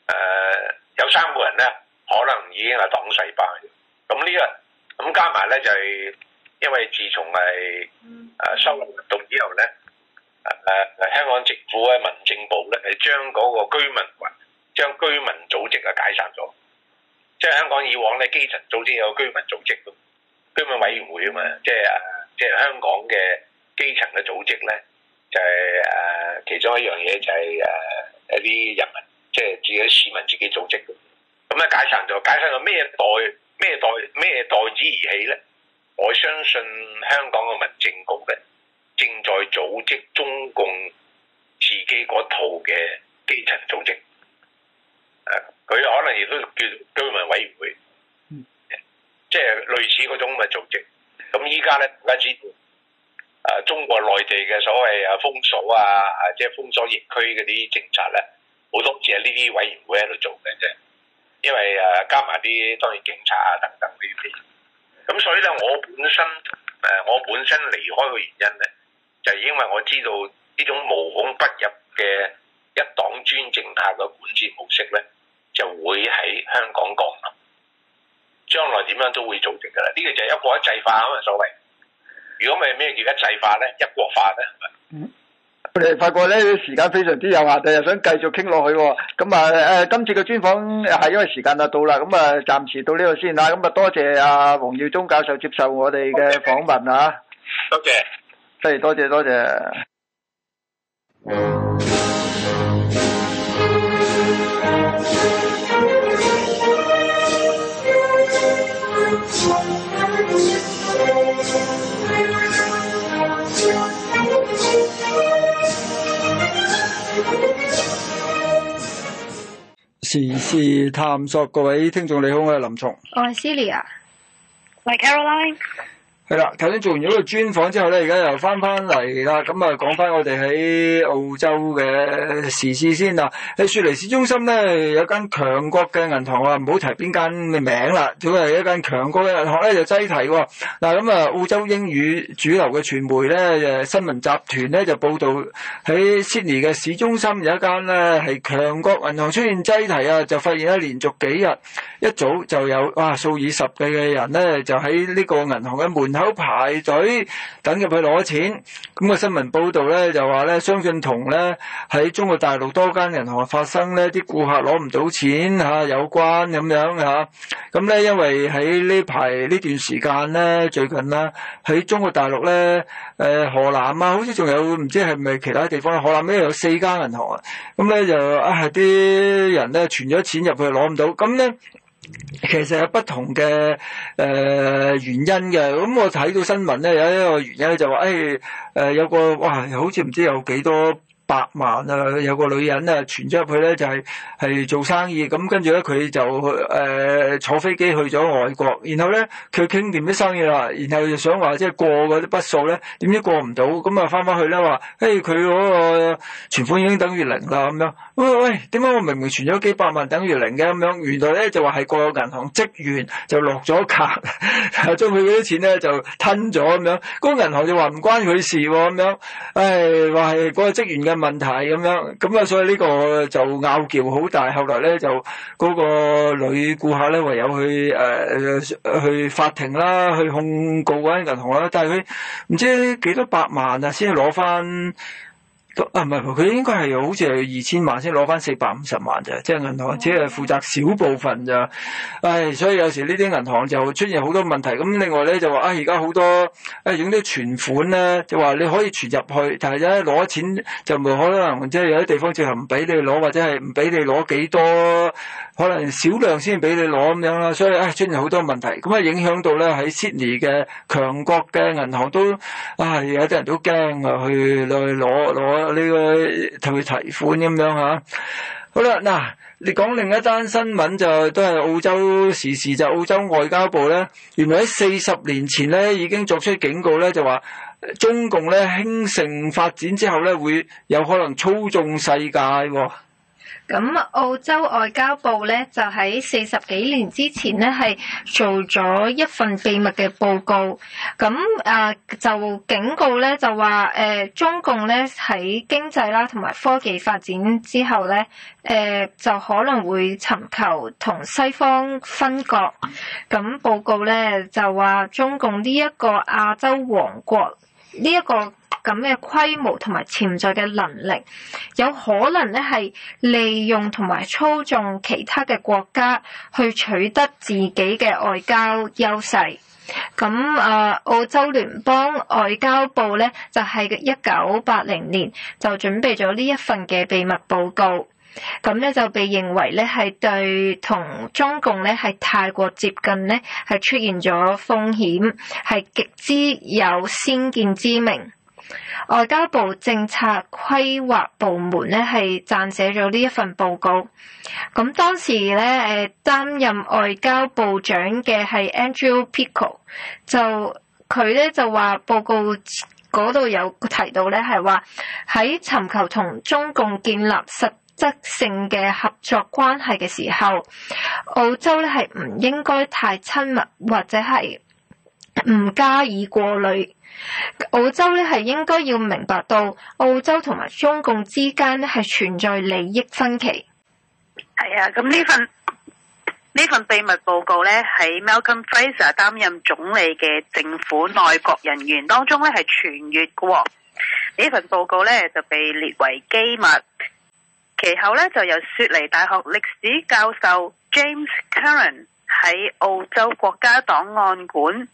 呃、有三個人咧，可能已經係黨細胞。咁、這個、呢個咁加埋咧就係、是，因為自從係收雙活動之後咧、呃，香港政府嘅民政部咧係將嗰個居民將居民組織啊解散咗。即、就、係、是、香港以往咧，基層組織有個居民組織，居民委員會啊嘛，即係啊，即、就、係、是、香港嘅基層嘅組織咧，就係、是、誒其中一樣嘢就係誒一啲人民，即、就、係、是、自己的市民自己組織的。咁啊，解散就解散咗咩代咩代咩代紙而起咧？我相信香港嘅民政局咧，正在組織中共自己嗰套嘅基層組織。誒，佢可能亦都叫居民委員會，即係類似嗰種嘅組織。咁依家咧，大家知道誒，中國內地嘅所謂誒封鎖啊，誒即係封鎖疫區嗰啲政策咧，好多時係呢啲委員會喺度做嘅啫。因為誒加埋啲當然警察啊等等呢啲。咁所以咧，我本身誒，我本身離開嘅原因咧，就係因為我知道呢種無孔不入嘅。一黨專政派嘅管治模式咧，就會喺香港降臨。將來點樣都會做成噶啦，呢、這個就係一國一制化咁嘛。所謂。如果咪咩叫一制化咧？一國化呢？我哋發覺呢，時時間非常之有限，但想繼續傾落去、哦。咁啊，誒、呃，今次嘅專訪係因為時間就到啦，咁啊，暫時到呢度先啦。咁啊，多謝阿王耀宗教授接受我哋嘅訪問啊 okay. Okay.。多謝，多謝，多、嗯、謝。時事探索，各位聽眾，你好，我係林松。我係 Celia，我係 Caroline。係啦，頭先做完咗個專訪之後咧，而家又翻翻嚟啦，咁啊講翻我哋喺澳洲嘅時事先啦。喺雪梨市中心咧有間強國嘅銀行啊，唔好提邊間嘅名啦，只不過係一間強國嘅銀行咧就擠提喎、哦。嗱咁啊，澳洲英語主流嘅傳媒咧，誒新聞集團咧就報道，喺悉尼嘅市中心有一間咧係強國銀行出現擠提啊，就發現咧連續幾日一早就有哇數以十計嘅人咧就喺呢個銀行嘅門口。有排隊等入去攞錢，咁、那個新聞報道咧就話咧，相信同咧喺中國大陸多間銀行發生咧啲顧客攞唔到錢、啊、有關咁樣嚇，咁、啊、咧因為喺呢排呢段時間咧最近啦，喺中國大陸咧、呃，河南啊，好似仲有唔知係咪其他地方，河南呢有四間銀行啊，咁咧就啊係啲人咧存咗錢入去攞唔到，咁咧。其實有不同嘅誒、呃、原因嘅，咁我睇到新聞咧有一個原因咧、就是，就、哎、話，誒、呃，誒有個哇，好似唔知有幾多。百萬啊！有個女人啊，存咗入去咧，就係、是、係做生意咁、嗯，跟住咧佢就誒、呃、坐飛機去咗外國，然後咧佢傾掂啲生意啦，然後就想話即係過嗰啲筆數咧，點知過唔到，咁、那個、啊翻返去咧話，誒佢嗰個存款已經等於零啦咁樣，喂喂，點解我明明存咗幾百萬等於零嘅咁樣？原來咧就話係個銀行職員就落咗格，將佢嗰啲錢咧就吞咗咁樣，嗰個銀行就話唔關佢事咁樣，唉、哎，話係個職員嘅。問題咁樣，咁啊，所以呢個就拗撬好大。後來咧，就嗰個女顧客咧，唯有去、呃、去法庭啦，去控告嗰間銀行啦。但係佢唔知幾多百萬啊，先係攞翻。都啊唔係佢應該係好似係二千萬先攞翻四百五十萬啫，即係銀行只係負責少部分咋。唉、哎，所以有時呢啲銀行就出現好多問題，咁另外咧就話啊，而家好多誒影啲存款咧，就話你可以存入去，但係咧攞錢就冇可能，即、就、係、是、有啲地方即係唔俾你攞，或者係唔俾你攞幾多，可能少量先俾你攞咁樣啦。所以唉、哎、出現好多問題咁啊影響到咧喺悉尼嘅強國嘅銀行都唉、哎、有啲人都驚啊，去去攞攞。你個提提款咁樣吓，好啦，嗱，你講另一單新聞就都係澳洲，時事。就澳洲外交部咧,原來喺四十年前咧已經作出警告咧，就話中共咧興盛發展之後咧，會有可能操縱世界啊。咁澳洲外交部咧就喺四十幾年之前咧係做咗一份秘密嘅報告，咁啊就警告咧就話、呃、中共咧喺經濟啦同埋科技發展之後咧、呃、就可能會尋求同西方分割。咁報告咧就話中共呢一個亞洲王國呢一個。咁嘅規模同埋潛在嘅能力，有可能咧係利用同埋操縱其他嘅國家去取得自己嘅外交優勢。咁啊，澳洲聯邦外交部咧就係一九八零年就準備咗呢一份嘅秘密報告。咁咧就被認為咧係對同中共咧係太過接近咧，係出現咗風險，係極之有先見之明。外交部政策規劃部門咧係撰寫咗呢寫一份報告，咁當時咧誒擔任外交部長嘅係 Angel Pico，就佢咧就話報告嗰度有提到咧係話喺尋求同中共建立實質性嘅合作關係嘅時候，澳洲咧係唔應該太親密或者係唔加以過濾。澳洲咧係應該要明白到澳洲同埋中共之間咧係存在利益分歧，係啊，咁呢份呢份秘密報告咧喺 Malcolm Fraser 擔任總理嘅政府內閣人員當中咧係傳閱嘅。呢份報告咧就被列為機密。其後咧就由雪梨大學歷史教授 James Curran 喺澳洲國家檔案館。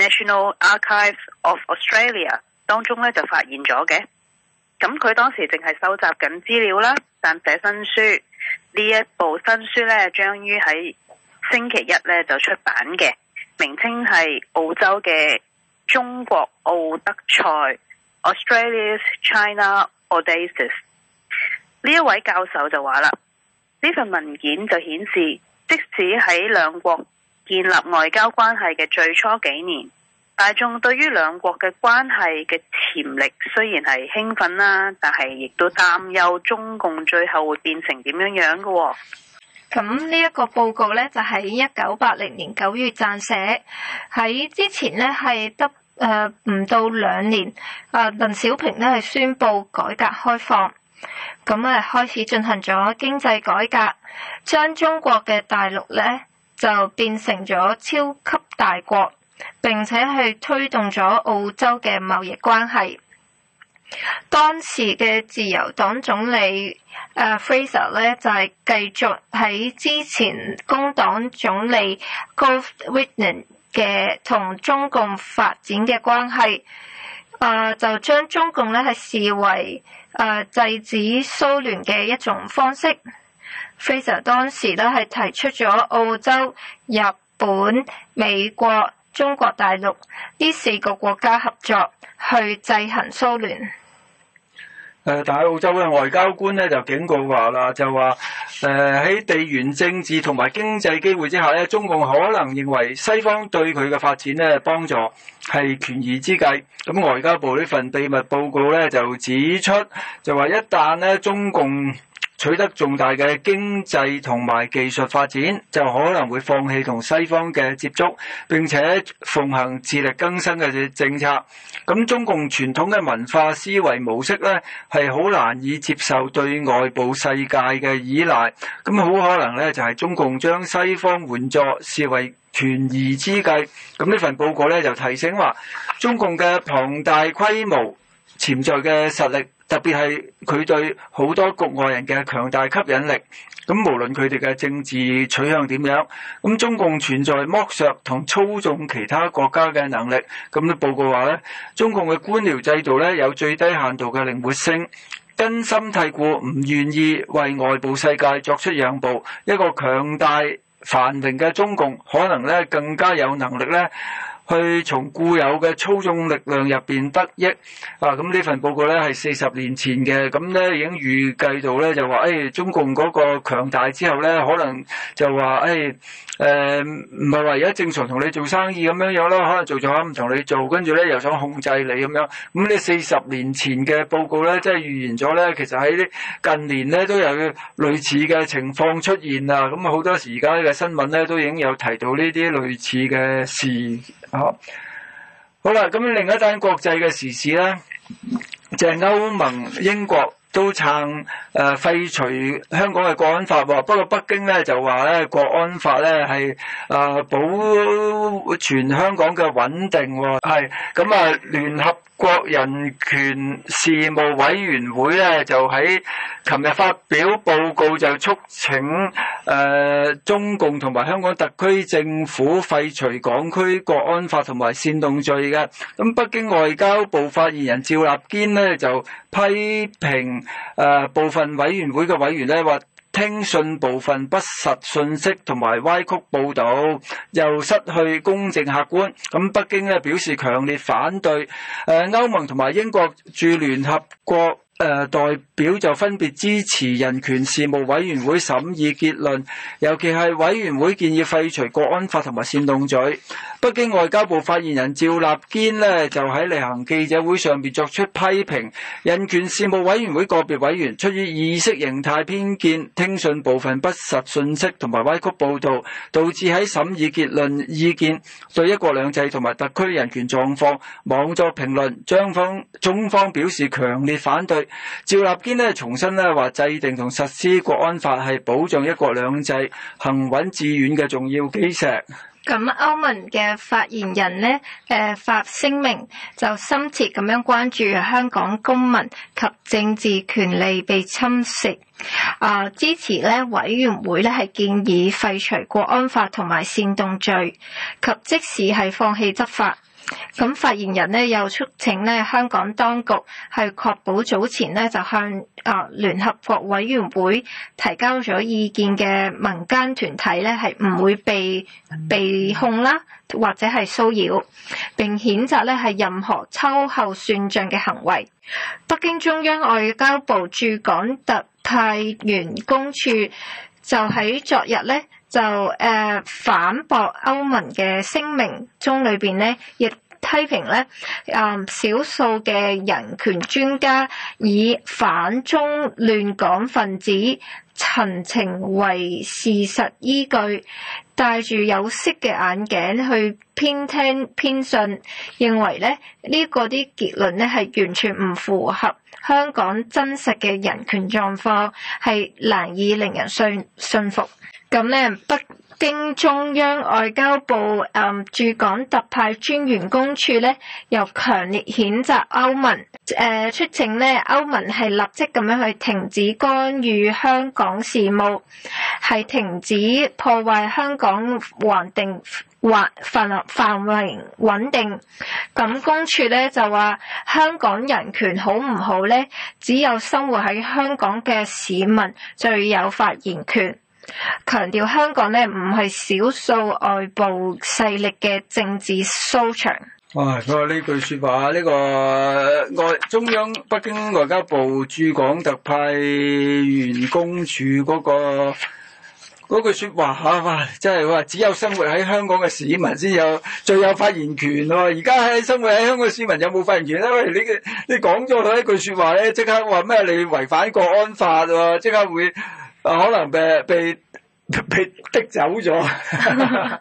National Archives of Australia 當中咧就發現咗嘅，咁佢當時淨係收集緊資料啦，但寫新書，書呢一部新書咧將於喺星期一咧就出版嘅，名稱係澳洲嘅中國奧德賽 （Australia's China o d a s i e s 呢一位教授就話啦，呢份文件就顯示即使喺兩國建立外交關係嘅最初幾年，大眾對於兩國嘅關係嘅潛力雖然係興奮啦，但係亦都擔憂中共最後會變成點樣樣嘅喎。咁呢一個報告呢，就喺一九八零年九月撰寫。喺之前呢，係得誒唔到兩年，啊，鄧小平呢係宣布改革開放，咁誒開始進行咗經濟改革，將中國嘅大陸呢。就變成咗超級大國，並且去推動咗澳洲嘅貿易關係。當時嘅自由黨總理誒 Fraser 咧，就係繼續喺之前工黨總理 Gough Whitlam 嘅同中共發展嘅關係，誒就將中共咧係視為誒制止蘇聯嘅一種方式。Fraser 當時咧係提出咗澳洲、日本、美國、中國大陸呢四個國家合作去制衡蘇聯。誒、呃，但係澳洲嘅外交官咧就警告話啦，就話誒喺地緣政治同埋經濟機會之下咧，中共可能認為西方對佢嘅發展咧幫助係權宜之計。咁外交部呢份秘密報告咧就指出，就話一旦咧中共取得重大嘅經濟同埋技術發展，就可能會放棄同西方嘅接觸，並且奉行自力更生嘅政策。咁中共傳統嘅文化思維模式咧，係好難以接受對外部世界嘅依賴。咁好可能咧，就係中共將西方援助視為權宜之計。咁呢份報告咧就提醒話，中共嘅龐大規模、潛在嘅實力。特別係佢對好多國外人嘅強大吸引力，咁無論佢哋嘅政治取向點樣，咁中共存在剝削同操縱其他國家嘅能力。咁個報告話咧，中共嘅官僚制度咧有最低限度嘅靈活性，根深蒂固，唔願意為外部世界作出讓步。一個強大繁榮嘅中共，可能咧更加有能力咧。去從固有嘅操縱力量入面得益啊！咁呢份報告咧係四十年前嘅，咁咧已經預計到咧就話，誒、哎、中共嗰個強大之後咧，可能就話，誒唔係話而家正常同你做生意咁樣樣啦，可能做做下唔同你做，跟住咧又想控制你咁樣。咁呢四十年前嘅報告咧，即係預言咗咧，其實喺近年咧都有類似嘅情況出現啊！咁好多時而家嘅新聞咧都已經有提到呢啲類似嘅事。好，好啦，咁另一單國際嘅時事咧，就係、是、歐盟、英國都撐、呃、廢除香港嘅國安法喎。不過北京咧就話咧，國安法咧係、呃、保全香港嘅穩定喎。係咁啊，聯合國人權事務委員會咧就喺琴日發表報告，就促請、呃、中共同埋香港特區政府廢除港區國安法同埋煽動罪嘅。咁北京外交部發言人趙立堅呢，就批評、呃、部分委員會嘅委員咧話。輕信部分不實信息，同埋歪曲報道，又失去公正客觀，咁北京咧表示強烈反對。誒、呃，歐盟同埋英國駐聯合國。呃、代表就分別支持人權事務委員會審議結論，尤其係委員會建議廢除國安法同埋煽動罪。北京外交部發言人趙立堅呢，就喺例行記者會上邊作出批評。人權事務委員會個別委員出於意識形態偏見，聽信部分不實信息同埋歪曲報道，導致喺審議結論意見對一國兩制同埋特區人權狀況妄作評論，將方中方表示強烈反對。趙立堅咧重申咧話，制定同實施國安法係保障一國兩制行穩致遠嘅重要基石。咁歐盟嘅發言人呢，誒、呃、發聲明就深切咁樣關注香港公民及政治權利被侵蝕，啊、呃、支持咧委員會咧係建議廢除國安法同埋煽動罪及即使係放棄執法。咁發言人呢，又促請呢香港當局係確保早前呢就向誒聯合國委員會提交咗意見嘅民間團體呢，係唔會被被控啦或者係騷擾，並譴責呢係任何秋後算賬嘅行為。北京中央外交部駐港特派員公署就喺昨日呢。就誒、uh, 反駁歐盟嘅聲明中裏面呢，亦批評呢少、uh, 數嘅人權專家以反中亂港分子陳情為事實依據，戴住有色嘅眼鏡去偏聽偏信，認為呢呢個啲結論呢係完全唔符合香港真實嘅人權狀況，係難以令人信信服。咁呢北京中央外交部駐、呃、港特派專員公署呢又強烈譴責歐盟。呃、出請呢歐盟係立即咁樣去停止干預香港事務，係停止破壞香港穩定或繁繁榮穩定。咁公署呢就話香港人權好唔好呢？只有生活喺香港嘅市民最有發言權。強調香港咧唔係少數外部勢力嘅政治蘇場。哇！咁呢句說話，呢、這個外中央北京外交部駐港特派員公署嗰、那個嗰句說話吓哇，真係話只有生活喺香港嘅市民先有最有發言權喎、啊。而家喺生活喺香港嘅市民有冇發言權啊？你你講咗佢一句說話咧，即刻話咩？你違反國安法啊？即刻會。啊，可能被被被逼走咗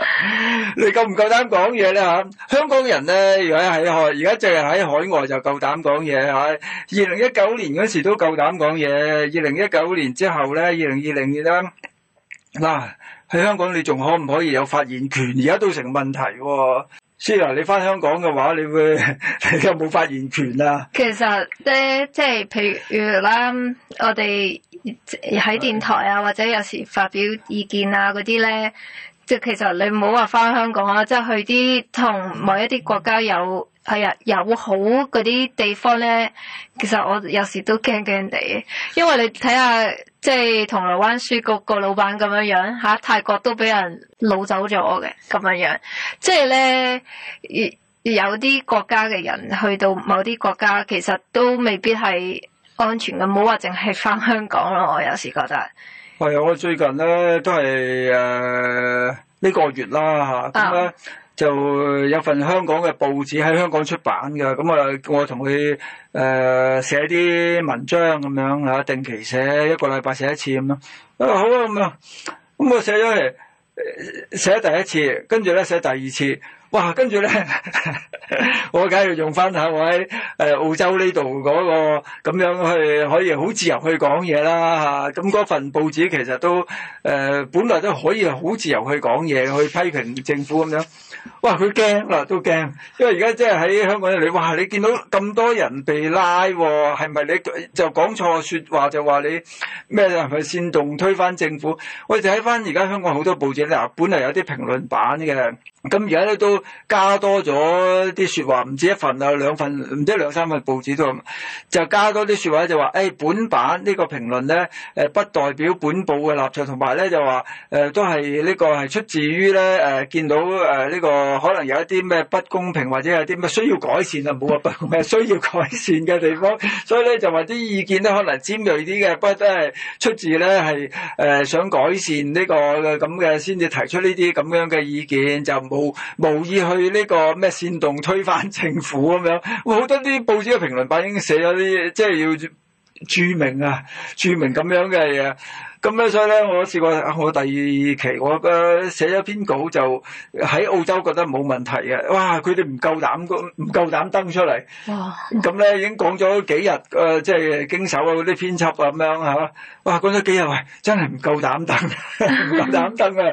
你夠唔夠膽講嘢咧？吓，香港人咧，而家喺海，而家淨係喺海外就夠膽講嘢吓。二零一九年嗰時都夠膽講嘢，二零一九年之後咧，二零二零年咧，嗱、啊、喺香港你仲可唔可以有發言權？而家都成問題喎、哦。Sir，你翻香港嘅話，你會你有冇發言權啊？其實咧，即係譬如啦，我哋。喺電台啊，或者有時發表意見啊嗰啲呢，即係其實你唔好話翻香港啊，即係去啲同某一啲國家有係啊有好嗰啲地方呢，其實我有時都驚驚地，因為你睇下即係銅鑼灣書局個老闆咁樣樣嚇，泰國都俾人擄走咗嘅咁樣樣，即係呢，有啲國家嘅人去到某啲國家，其實都未必係。安全嘅，唔好話淨係翻香港咯。我有時覺得係啊，我最近咧都係誒呢個月啦吓，咁、啊、咧就有份香港嘅報紙喺香港出版嘅，咁啊我同佢誒寫啲文章咁樣吓，定期寫一個禮拜寫一次咁樣。啊好啊咁啊，咁我寫咗嚟，寫第一次，跟住咧寫第二次。哇，跟住咧，我梗係用翻下喺誒澳洲呢度嗰個咁樣去，可以好自由去講嘢啦嚇。咁、啊、嗰份報紙其實都、呃、本來都可以好自由去講嘢，去批評政府咁樣。哇，佢驚啦，都驚，因為而家即係喺香港你哇！你見到咁多人被拉、啊，係咪你就講錯説話就話你咩？係咪煽動推翻政府？我哋睇翻而家香港好多報紙咧，本來有啲評論版嘅。咁而家咧都加多咗啲說話，唔止一份啊兩份，唔知兩三份報紙都咁，就加多啲說話就話，誒、哎、本版呢個評論咧，誒不代表本報嘅立場，同埋咧就話，誒、呃、都係呢、這個係出自於咧，誒、呃、見到誒呢、呃這個可能有一啲咩不公平或者有啲咩需要改善啊，冇話不公平，需要改善嘅地方，所以咧就話啲意見咧可能尖銳啲嘅，不過都係出自咧係誒想改善呢、這個咁嘅先至提出呢啲咁樣嘅意見就。無無意去呢個咩煽動推翻政府咁樣，好多啲報紙嘅評論版已經寫咗啲，即係要注明啊、注明咁樣嘅嘢。咁咧，所以咧，我試過我第二期，我嘅寫咗篇稿就，喺澳洲覺得冇問題嘅。哇，佢哋唔夠膽，唔夠膽登出嚟。哇！咁咧已經講咗幾日，誒、呃，即係經手啊，嗰啲編輯啊，咁樣吓。哇，講咗幾日，喂，真係唔夠膽登，唔夠膽登啊！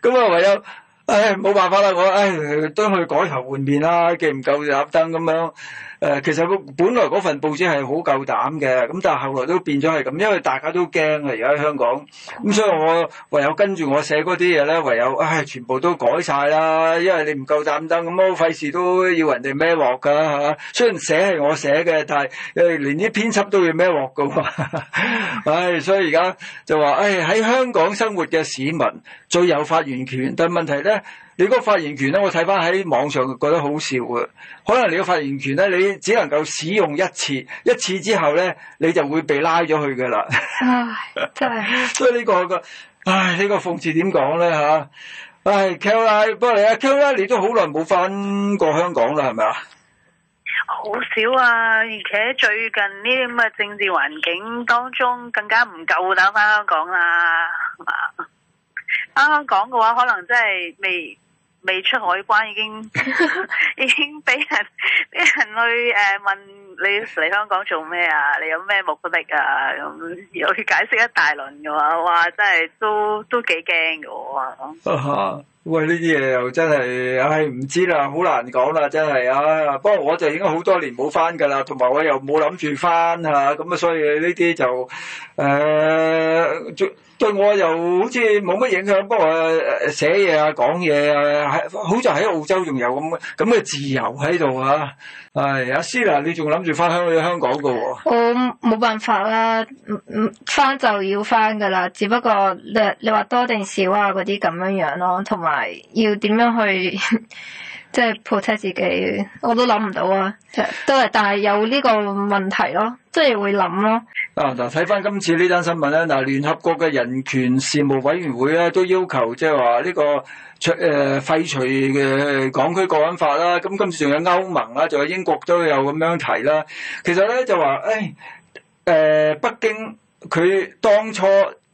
咁啊，唯有。唉，冇辦法啦，我唉都去改頭換面啦，既唔夠就打燈咁樣。誒、呃，其實本來嗰份報紙係好夠膽嘅，咁但係後來都變咗係咁，因為大家都驚啊！而家喺香港，咁所以我唯有跟住我寫嗰啲嘢咧，唯有唉、哎，全部都改晒啦，因為你唔夠膽爭，咁啊費事都要人哋孭鑊㗎嚇。雖然寫係我寫嘅，但係誒連啲編輯都要孭鑊㗎喎。唉、啊哎，所以而家就話，唉、哎、喺香港生活嘅市民最有發言權，但係問題咧。你個發言權咧，我睇翻喺網上覺得好笑啊。可能你個發言權咧，你只能夠使用一次，一次之後咧，你就會被拉咗去嘅啦。 真係，所以呢、呢個個，唉，呢、呢個諷刺點講咧吓，唉，Kelly，過嚟啊，Kelly，你都好耐冇翻過香港啦，係咪啊？好少啊，而且最近呢啲咁嘅政治環境當中，更加唔夠膽翻香港啦。翻香港嘅話，可能真係未。未出海關已經 已經俾人俾人去誒、呃、問你嚟香港做咩啊？你有咩目的啊？咁又要解釋一大輪嘅話，哇！真係都都幾驚噶喎！喂，呢啲嘢又真係唉唔知啦，好難講啦，真係啊、哎！不過我就已經好多年冇翻噶啦，同埋我又冇諗住翻吓，咁啊，所以呢啲就誒、呃，就。對我又好似冇乜影響，不過寫嘢啊、講嘢啊，喺好似喺澳洲仲有咁咁嘅自由喺度啊。係阿思娜，你仲諗住翻香港㗎喎？我冇辦法啦，唔唔翻就要翻噶啦，只不過你你話多定少啊，嗰啲咁樣樣咯，同埋要點樣去？ 即係 protect 自己，我都諗唔到啊！都係，但係有呢個問題咯，即係會諗咯。嗱，嗱睇翻今次呢單新聞咧，嗱聯合國嘅人權事務委員會咧都要求即係話呢個誒廢除嘅港區國安法啦。咁今次仲有歐盟啦，仲有英國都有咁樣提啦。其實咧就話誒誒北京佢當初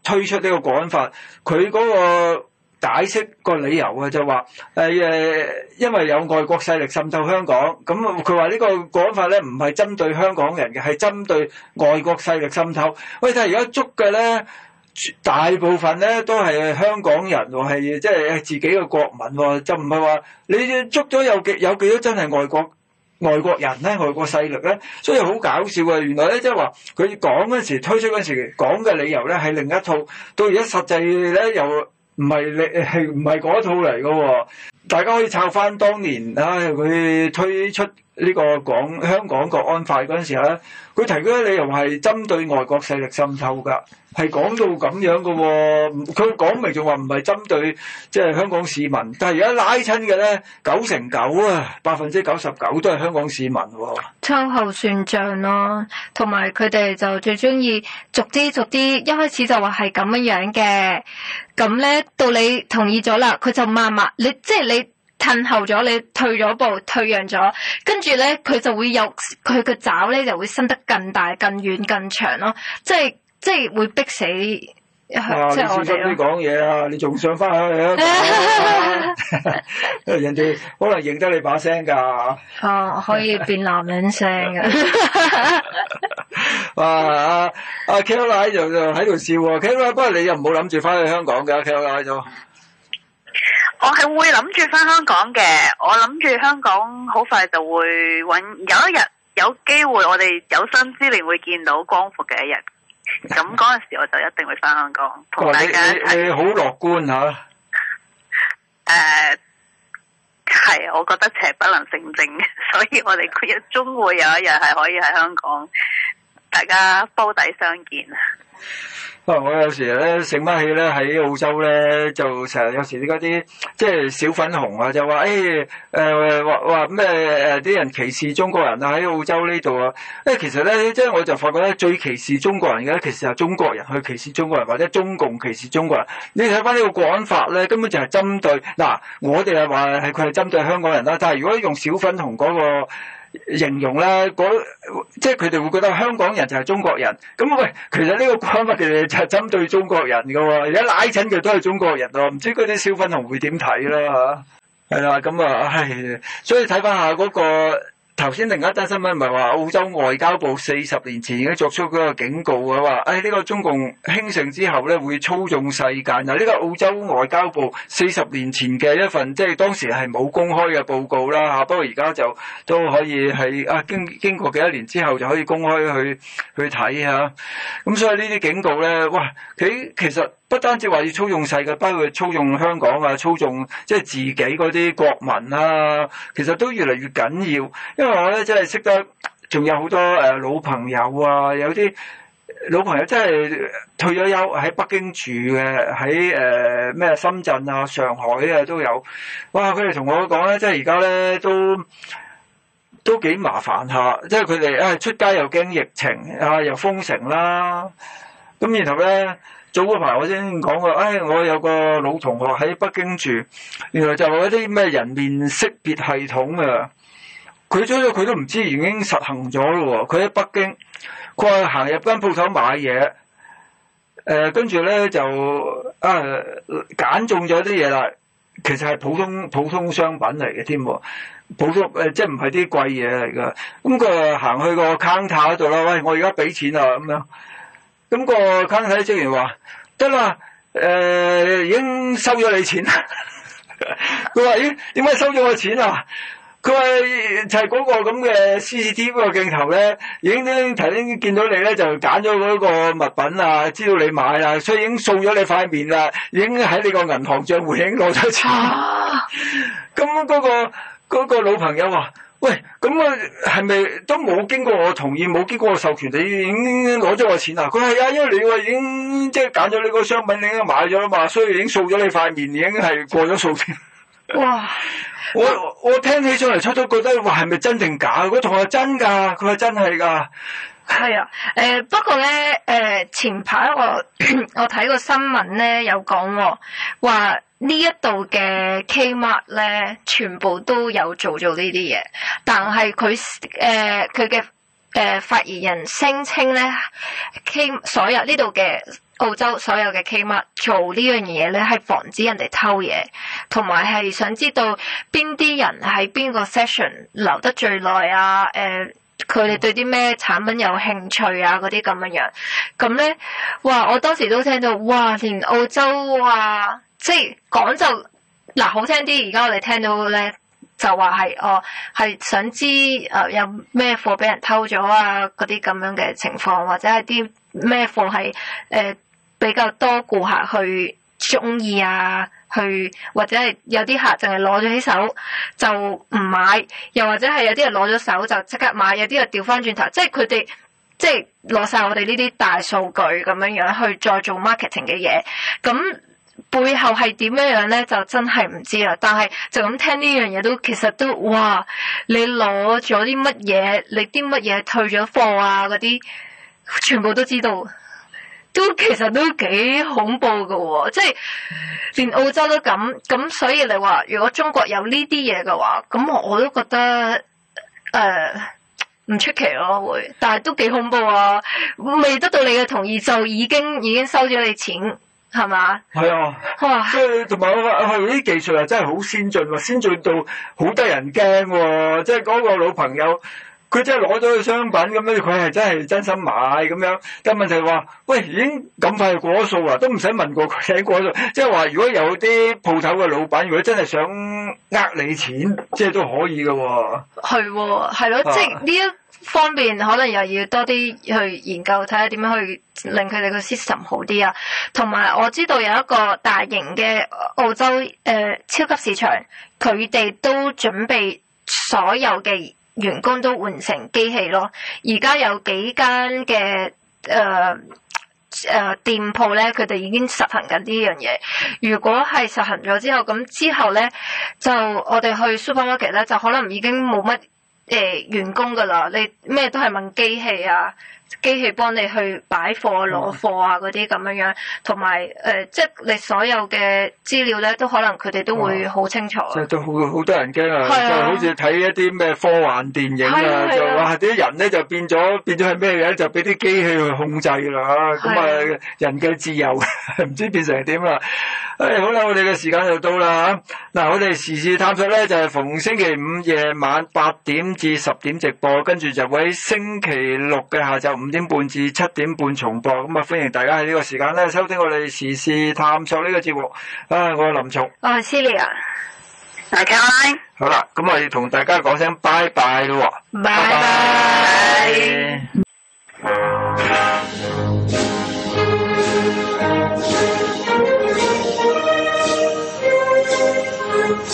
推出呢個國安法，佢嗰個。解釋個理由啊，就話誒誒，因為有外國勢力滲透香港，咁佢話呢個講法咧唔係針對香港人嘅，係針對外國勢力滲透。喂，但係而家捉嘅咧，大部分咧都係香港人喎，係即係自己嘅國民就唔係話你捉咗有幾有幾多真係外國外國人咧，外國勢力咧，所以好搞笑啊！原來咧即係話佢講嗰時推出嗰時講嘅理由咧係另一套，到而家實際咧又。唔係你係唔係嗰套嚟噶喎？大家可以抄翻當年，唉，佢推出呢個港香港國安法嗰陣時候咧，佢提供嘅理由係針對外國勢力滲透噶，係講到咁樣噶喎。佢講明就話唔係針對即係香港市民，但係而家拉親嘅咧，九成九啊，百分之九十九都係香港市民喎。秋後算賬咯，同埋佢哋就最中意逐啲逐啲，一開始就話係咁樣樣嘅。咁咧，到你同意咗啦，佢就慢慢，你即係、就是、你退後咗，你退咗步，退讓咗，跟住咧佢就會有佢個爪咧就會伸得更大、更遠、更長咯，即係即係會逼死。啊，即我你小心啲講嘢啊！你仲想翻嚟啊？人哋可能認得你把聲㗎。哦 、啊，可以變男人聲㗎。 哇！阿、啊、Kelie、啊、就就喺度笑啊！Kelie，不過你又唔好諗住翻去香港嘅，Kelie 總。我係會諗住翻香港嘅，我諗住香港好快就會揾有一日有機會，我哋有生之年會見到光復嘅一日。咁嗰陣時我就一定會翻香港同、啊、大家一齊。你好樂觀吓！誒，係、uh,，我覺得邪不能勝正，所以我哋終會有一日係可以喺香港。大家煲底相見啊！啊，我有時咧醒翻起咧喺澳洲咧，就成日有時啲嗰啲即係小粉紅啊，就話誒誒話話咩誒啲人歧視中國人啊，喺澳洲呢度啊！誒、哎，其實咧即係我就發覺咧最歧視中國人嘅咧，其實係中國人去歧視中國人或者中共歧視中國人。你睇翻呢個講法咧，根本就係針對嗱，我哋係話係佢係針對香港人啦。但係如果用小粉紅嗰、那個。形容啦，嗰即係佢哋會覺得香港人就係中國人，咁喂，其實呢個講法其實就係針對中國人嘅喎，而家拉親嘅都係中國人咯，唔知嗰啲小粉紅會點睇啦吓，係、啊、啦，咁啊，唉，所以睇翻下嗰個。頭先另一單新聞唔係話澳洲外交部四十年前已經作出嗰個警告啊，話誒呢個中共興盛之後咧會操縱世界。嗱，呢個澳洲外交部四十年前嘅一份即係當時係冇公開嘅報告啦吓，不過而家就都可以係啊經過幾多年之後就可以公開去去睇下。咁所以呢啲警告咧，哇！佢其實～不單止話要操縱世界，包括操縱香港啊，操縱即係自己嗰啲國民啊，其實都越嚟越緊要，因為我咧真係識得，仲有好多誒老朋友啊，有啲老朋友真係退咗休喺北京住嘅，喺誒咩深圳啊、上海啊都有。哇！佢哋同我講咧，即係而家咧都都幾麻煩下，即係佢哋出街又驚疫情啊，又封城啦，咁然後咧。早個排我先講過，唉、哎，我有個老同學喺北京住，原來就一啲咩人面識別系統啊，佢早咗佢都唔知，已經實行咗咯喎。佢喺北京，佢話行入間鋪頭買嘢，跟住咧就啊，揀、呃、中咗啲嘢啦，其實係普通普通商品嚟嘅添，普通即係唔係啲貴嘢嚟㗎。咁佢行去個 counter 嗰度啦，喂、哎，我而家俾錢啊，咁樣。咁、那個坑睇職員話，得啦，誒、呃，已經收咗你錢啦。佢話，咦，點解收咗我錢啊？佢話就係、是、嗰個咁嘅 CCTV 嗰個鏡頭咧，已經頭先見到你咧，就揀咗嗰個物品啊，知道你買啦，所以已經掃咗你塊面啦，已經喺你個銀行賬戶已經攞咗錢了 那、那個。咁嗰個嗰個老朋友話。喂，咁我係咪都冇經過我同意，冇經過我授權，你已經攞咗我錢啊？佢係啊，因為你話已經即係揀咗你個商品，你已經買咗啦嘛，所以已經掃咗你塊面，已經係過咗數添。哇！我我聽起上嚟初初，覺得話係咪真定假？嗰同學話真噶，佢係真係噶。係啊，誒、呃，不過咧，誒、呃，前排我 我睇個新聞咧，有講話呢一度嘅 Kmart 咧，全部都有做做呢啲嘢，但係佢誒佢嘅誒發言人聲稱咧，K 所有呢度嘅澳洲所有嘅 Kmart 做呢樣嘢咧，係防止人哋偷嘢，同埋係想知道邊啲人喺邊個 session 留得最耐啊，誒、呃。佢哋對啲咩產品有興趣啊？嗰啲咁嘅樣，咁咧，哇！我當時都聽到，哇！連澳洲啊，即係講就嗱、啊，好聽啲。而家我哋聽到咧，就話係哦，係想知誒有咩貨俾人偷咗啊？嗰啲咁樣嘅情況，或者係啲咩貨係誒、呃、比較多顧客去中意啊？去或者係有啲客淨係攞咗起手就唔買，又或者係有啲人攞咗手就即刻買，有啲又調翻轉頭，即係佢哋即係攞晒我哋呢啲大數據咁樣樣去再做 marketing 嘅嘢，咁背後係點樣樣咧？就真係唔知啦。但係就咁聽呢樣嘢都其實都哇，你攞咗啲乜嘢，你啲乜嘢退咗貨啊嗰啲，全部都知道。都其實都幾恐怖噶喎，即係連澳洲都咁咁，所以你話如果中國有呢啲嘢嘅話，咁我都覺得誒唔、呃、出奇咯，會，但係都幾恐怖啊！未得到你嘅同意就已經已經收咗你錢，係嘛？係啊，即係同埋佢啲技術又真係好先進，先進到好得人驚，即係嗰個老朋友。佢真係攞咗個商品咁咧，佢係真係真心買咁樣。根問就係話，喂，已經咁快過咗數啊，都唔使問過佢點過數。即係話，如果有啲鋪頭嘅老闆，如果真係想呃你錢，即係都可以嘅喎、啊。係喎，係咯，即係呢一方面可能又要多啲去研究睇下點樣去令佢哋個 system 好啲啊。同埋我知道有一個大型嘅澳洲誒、呃、超級市場，佢哋都準備所有嘅員工都換成機器咯，而家有幾間嘅誒誒店鋪咧，佢哋已經實行緊呢樣嘢。如果係實行咗之後，咁之後咧就我哋去 Supermarket 咧，就可能已經冇乜誒員工㗎喇，你咩都係問機器啊。機器幫你去擺貨攞貨等等啊嗰啲咁樣樣，同埋、呃、即係你所有嘅資料咧，都可能佢哋都會好清楚、啊。即係都好，好、啊啊啊啊啊嗯、多人驚啊！就好似睇一啲咩科幻電影啊，啊啊就話啲人咧就變咗，變咗係咩嘢咧？就俾啲機器去控制啦！咁啊，人嘅自由唔知變成係點啊～誒、哎，好啦，我哋嘅時間就到啦嗱、啊，我哋時事探索咧就係、是、逢星期五夜晚八點至十點直播，跟住就會喺星期六嘅下晝五點半至七點半重播。咁啊，歡迎大家喺呢個時間咧收聽我哋時事探索呢個節目。啊，我係林聰，我係 Celia，大家好。好啦，咁我哋同大家講聲拜拜咯。拜拜。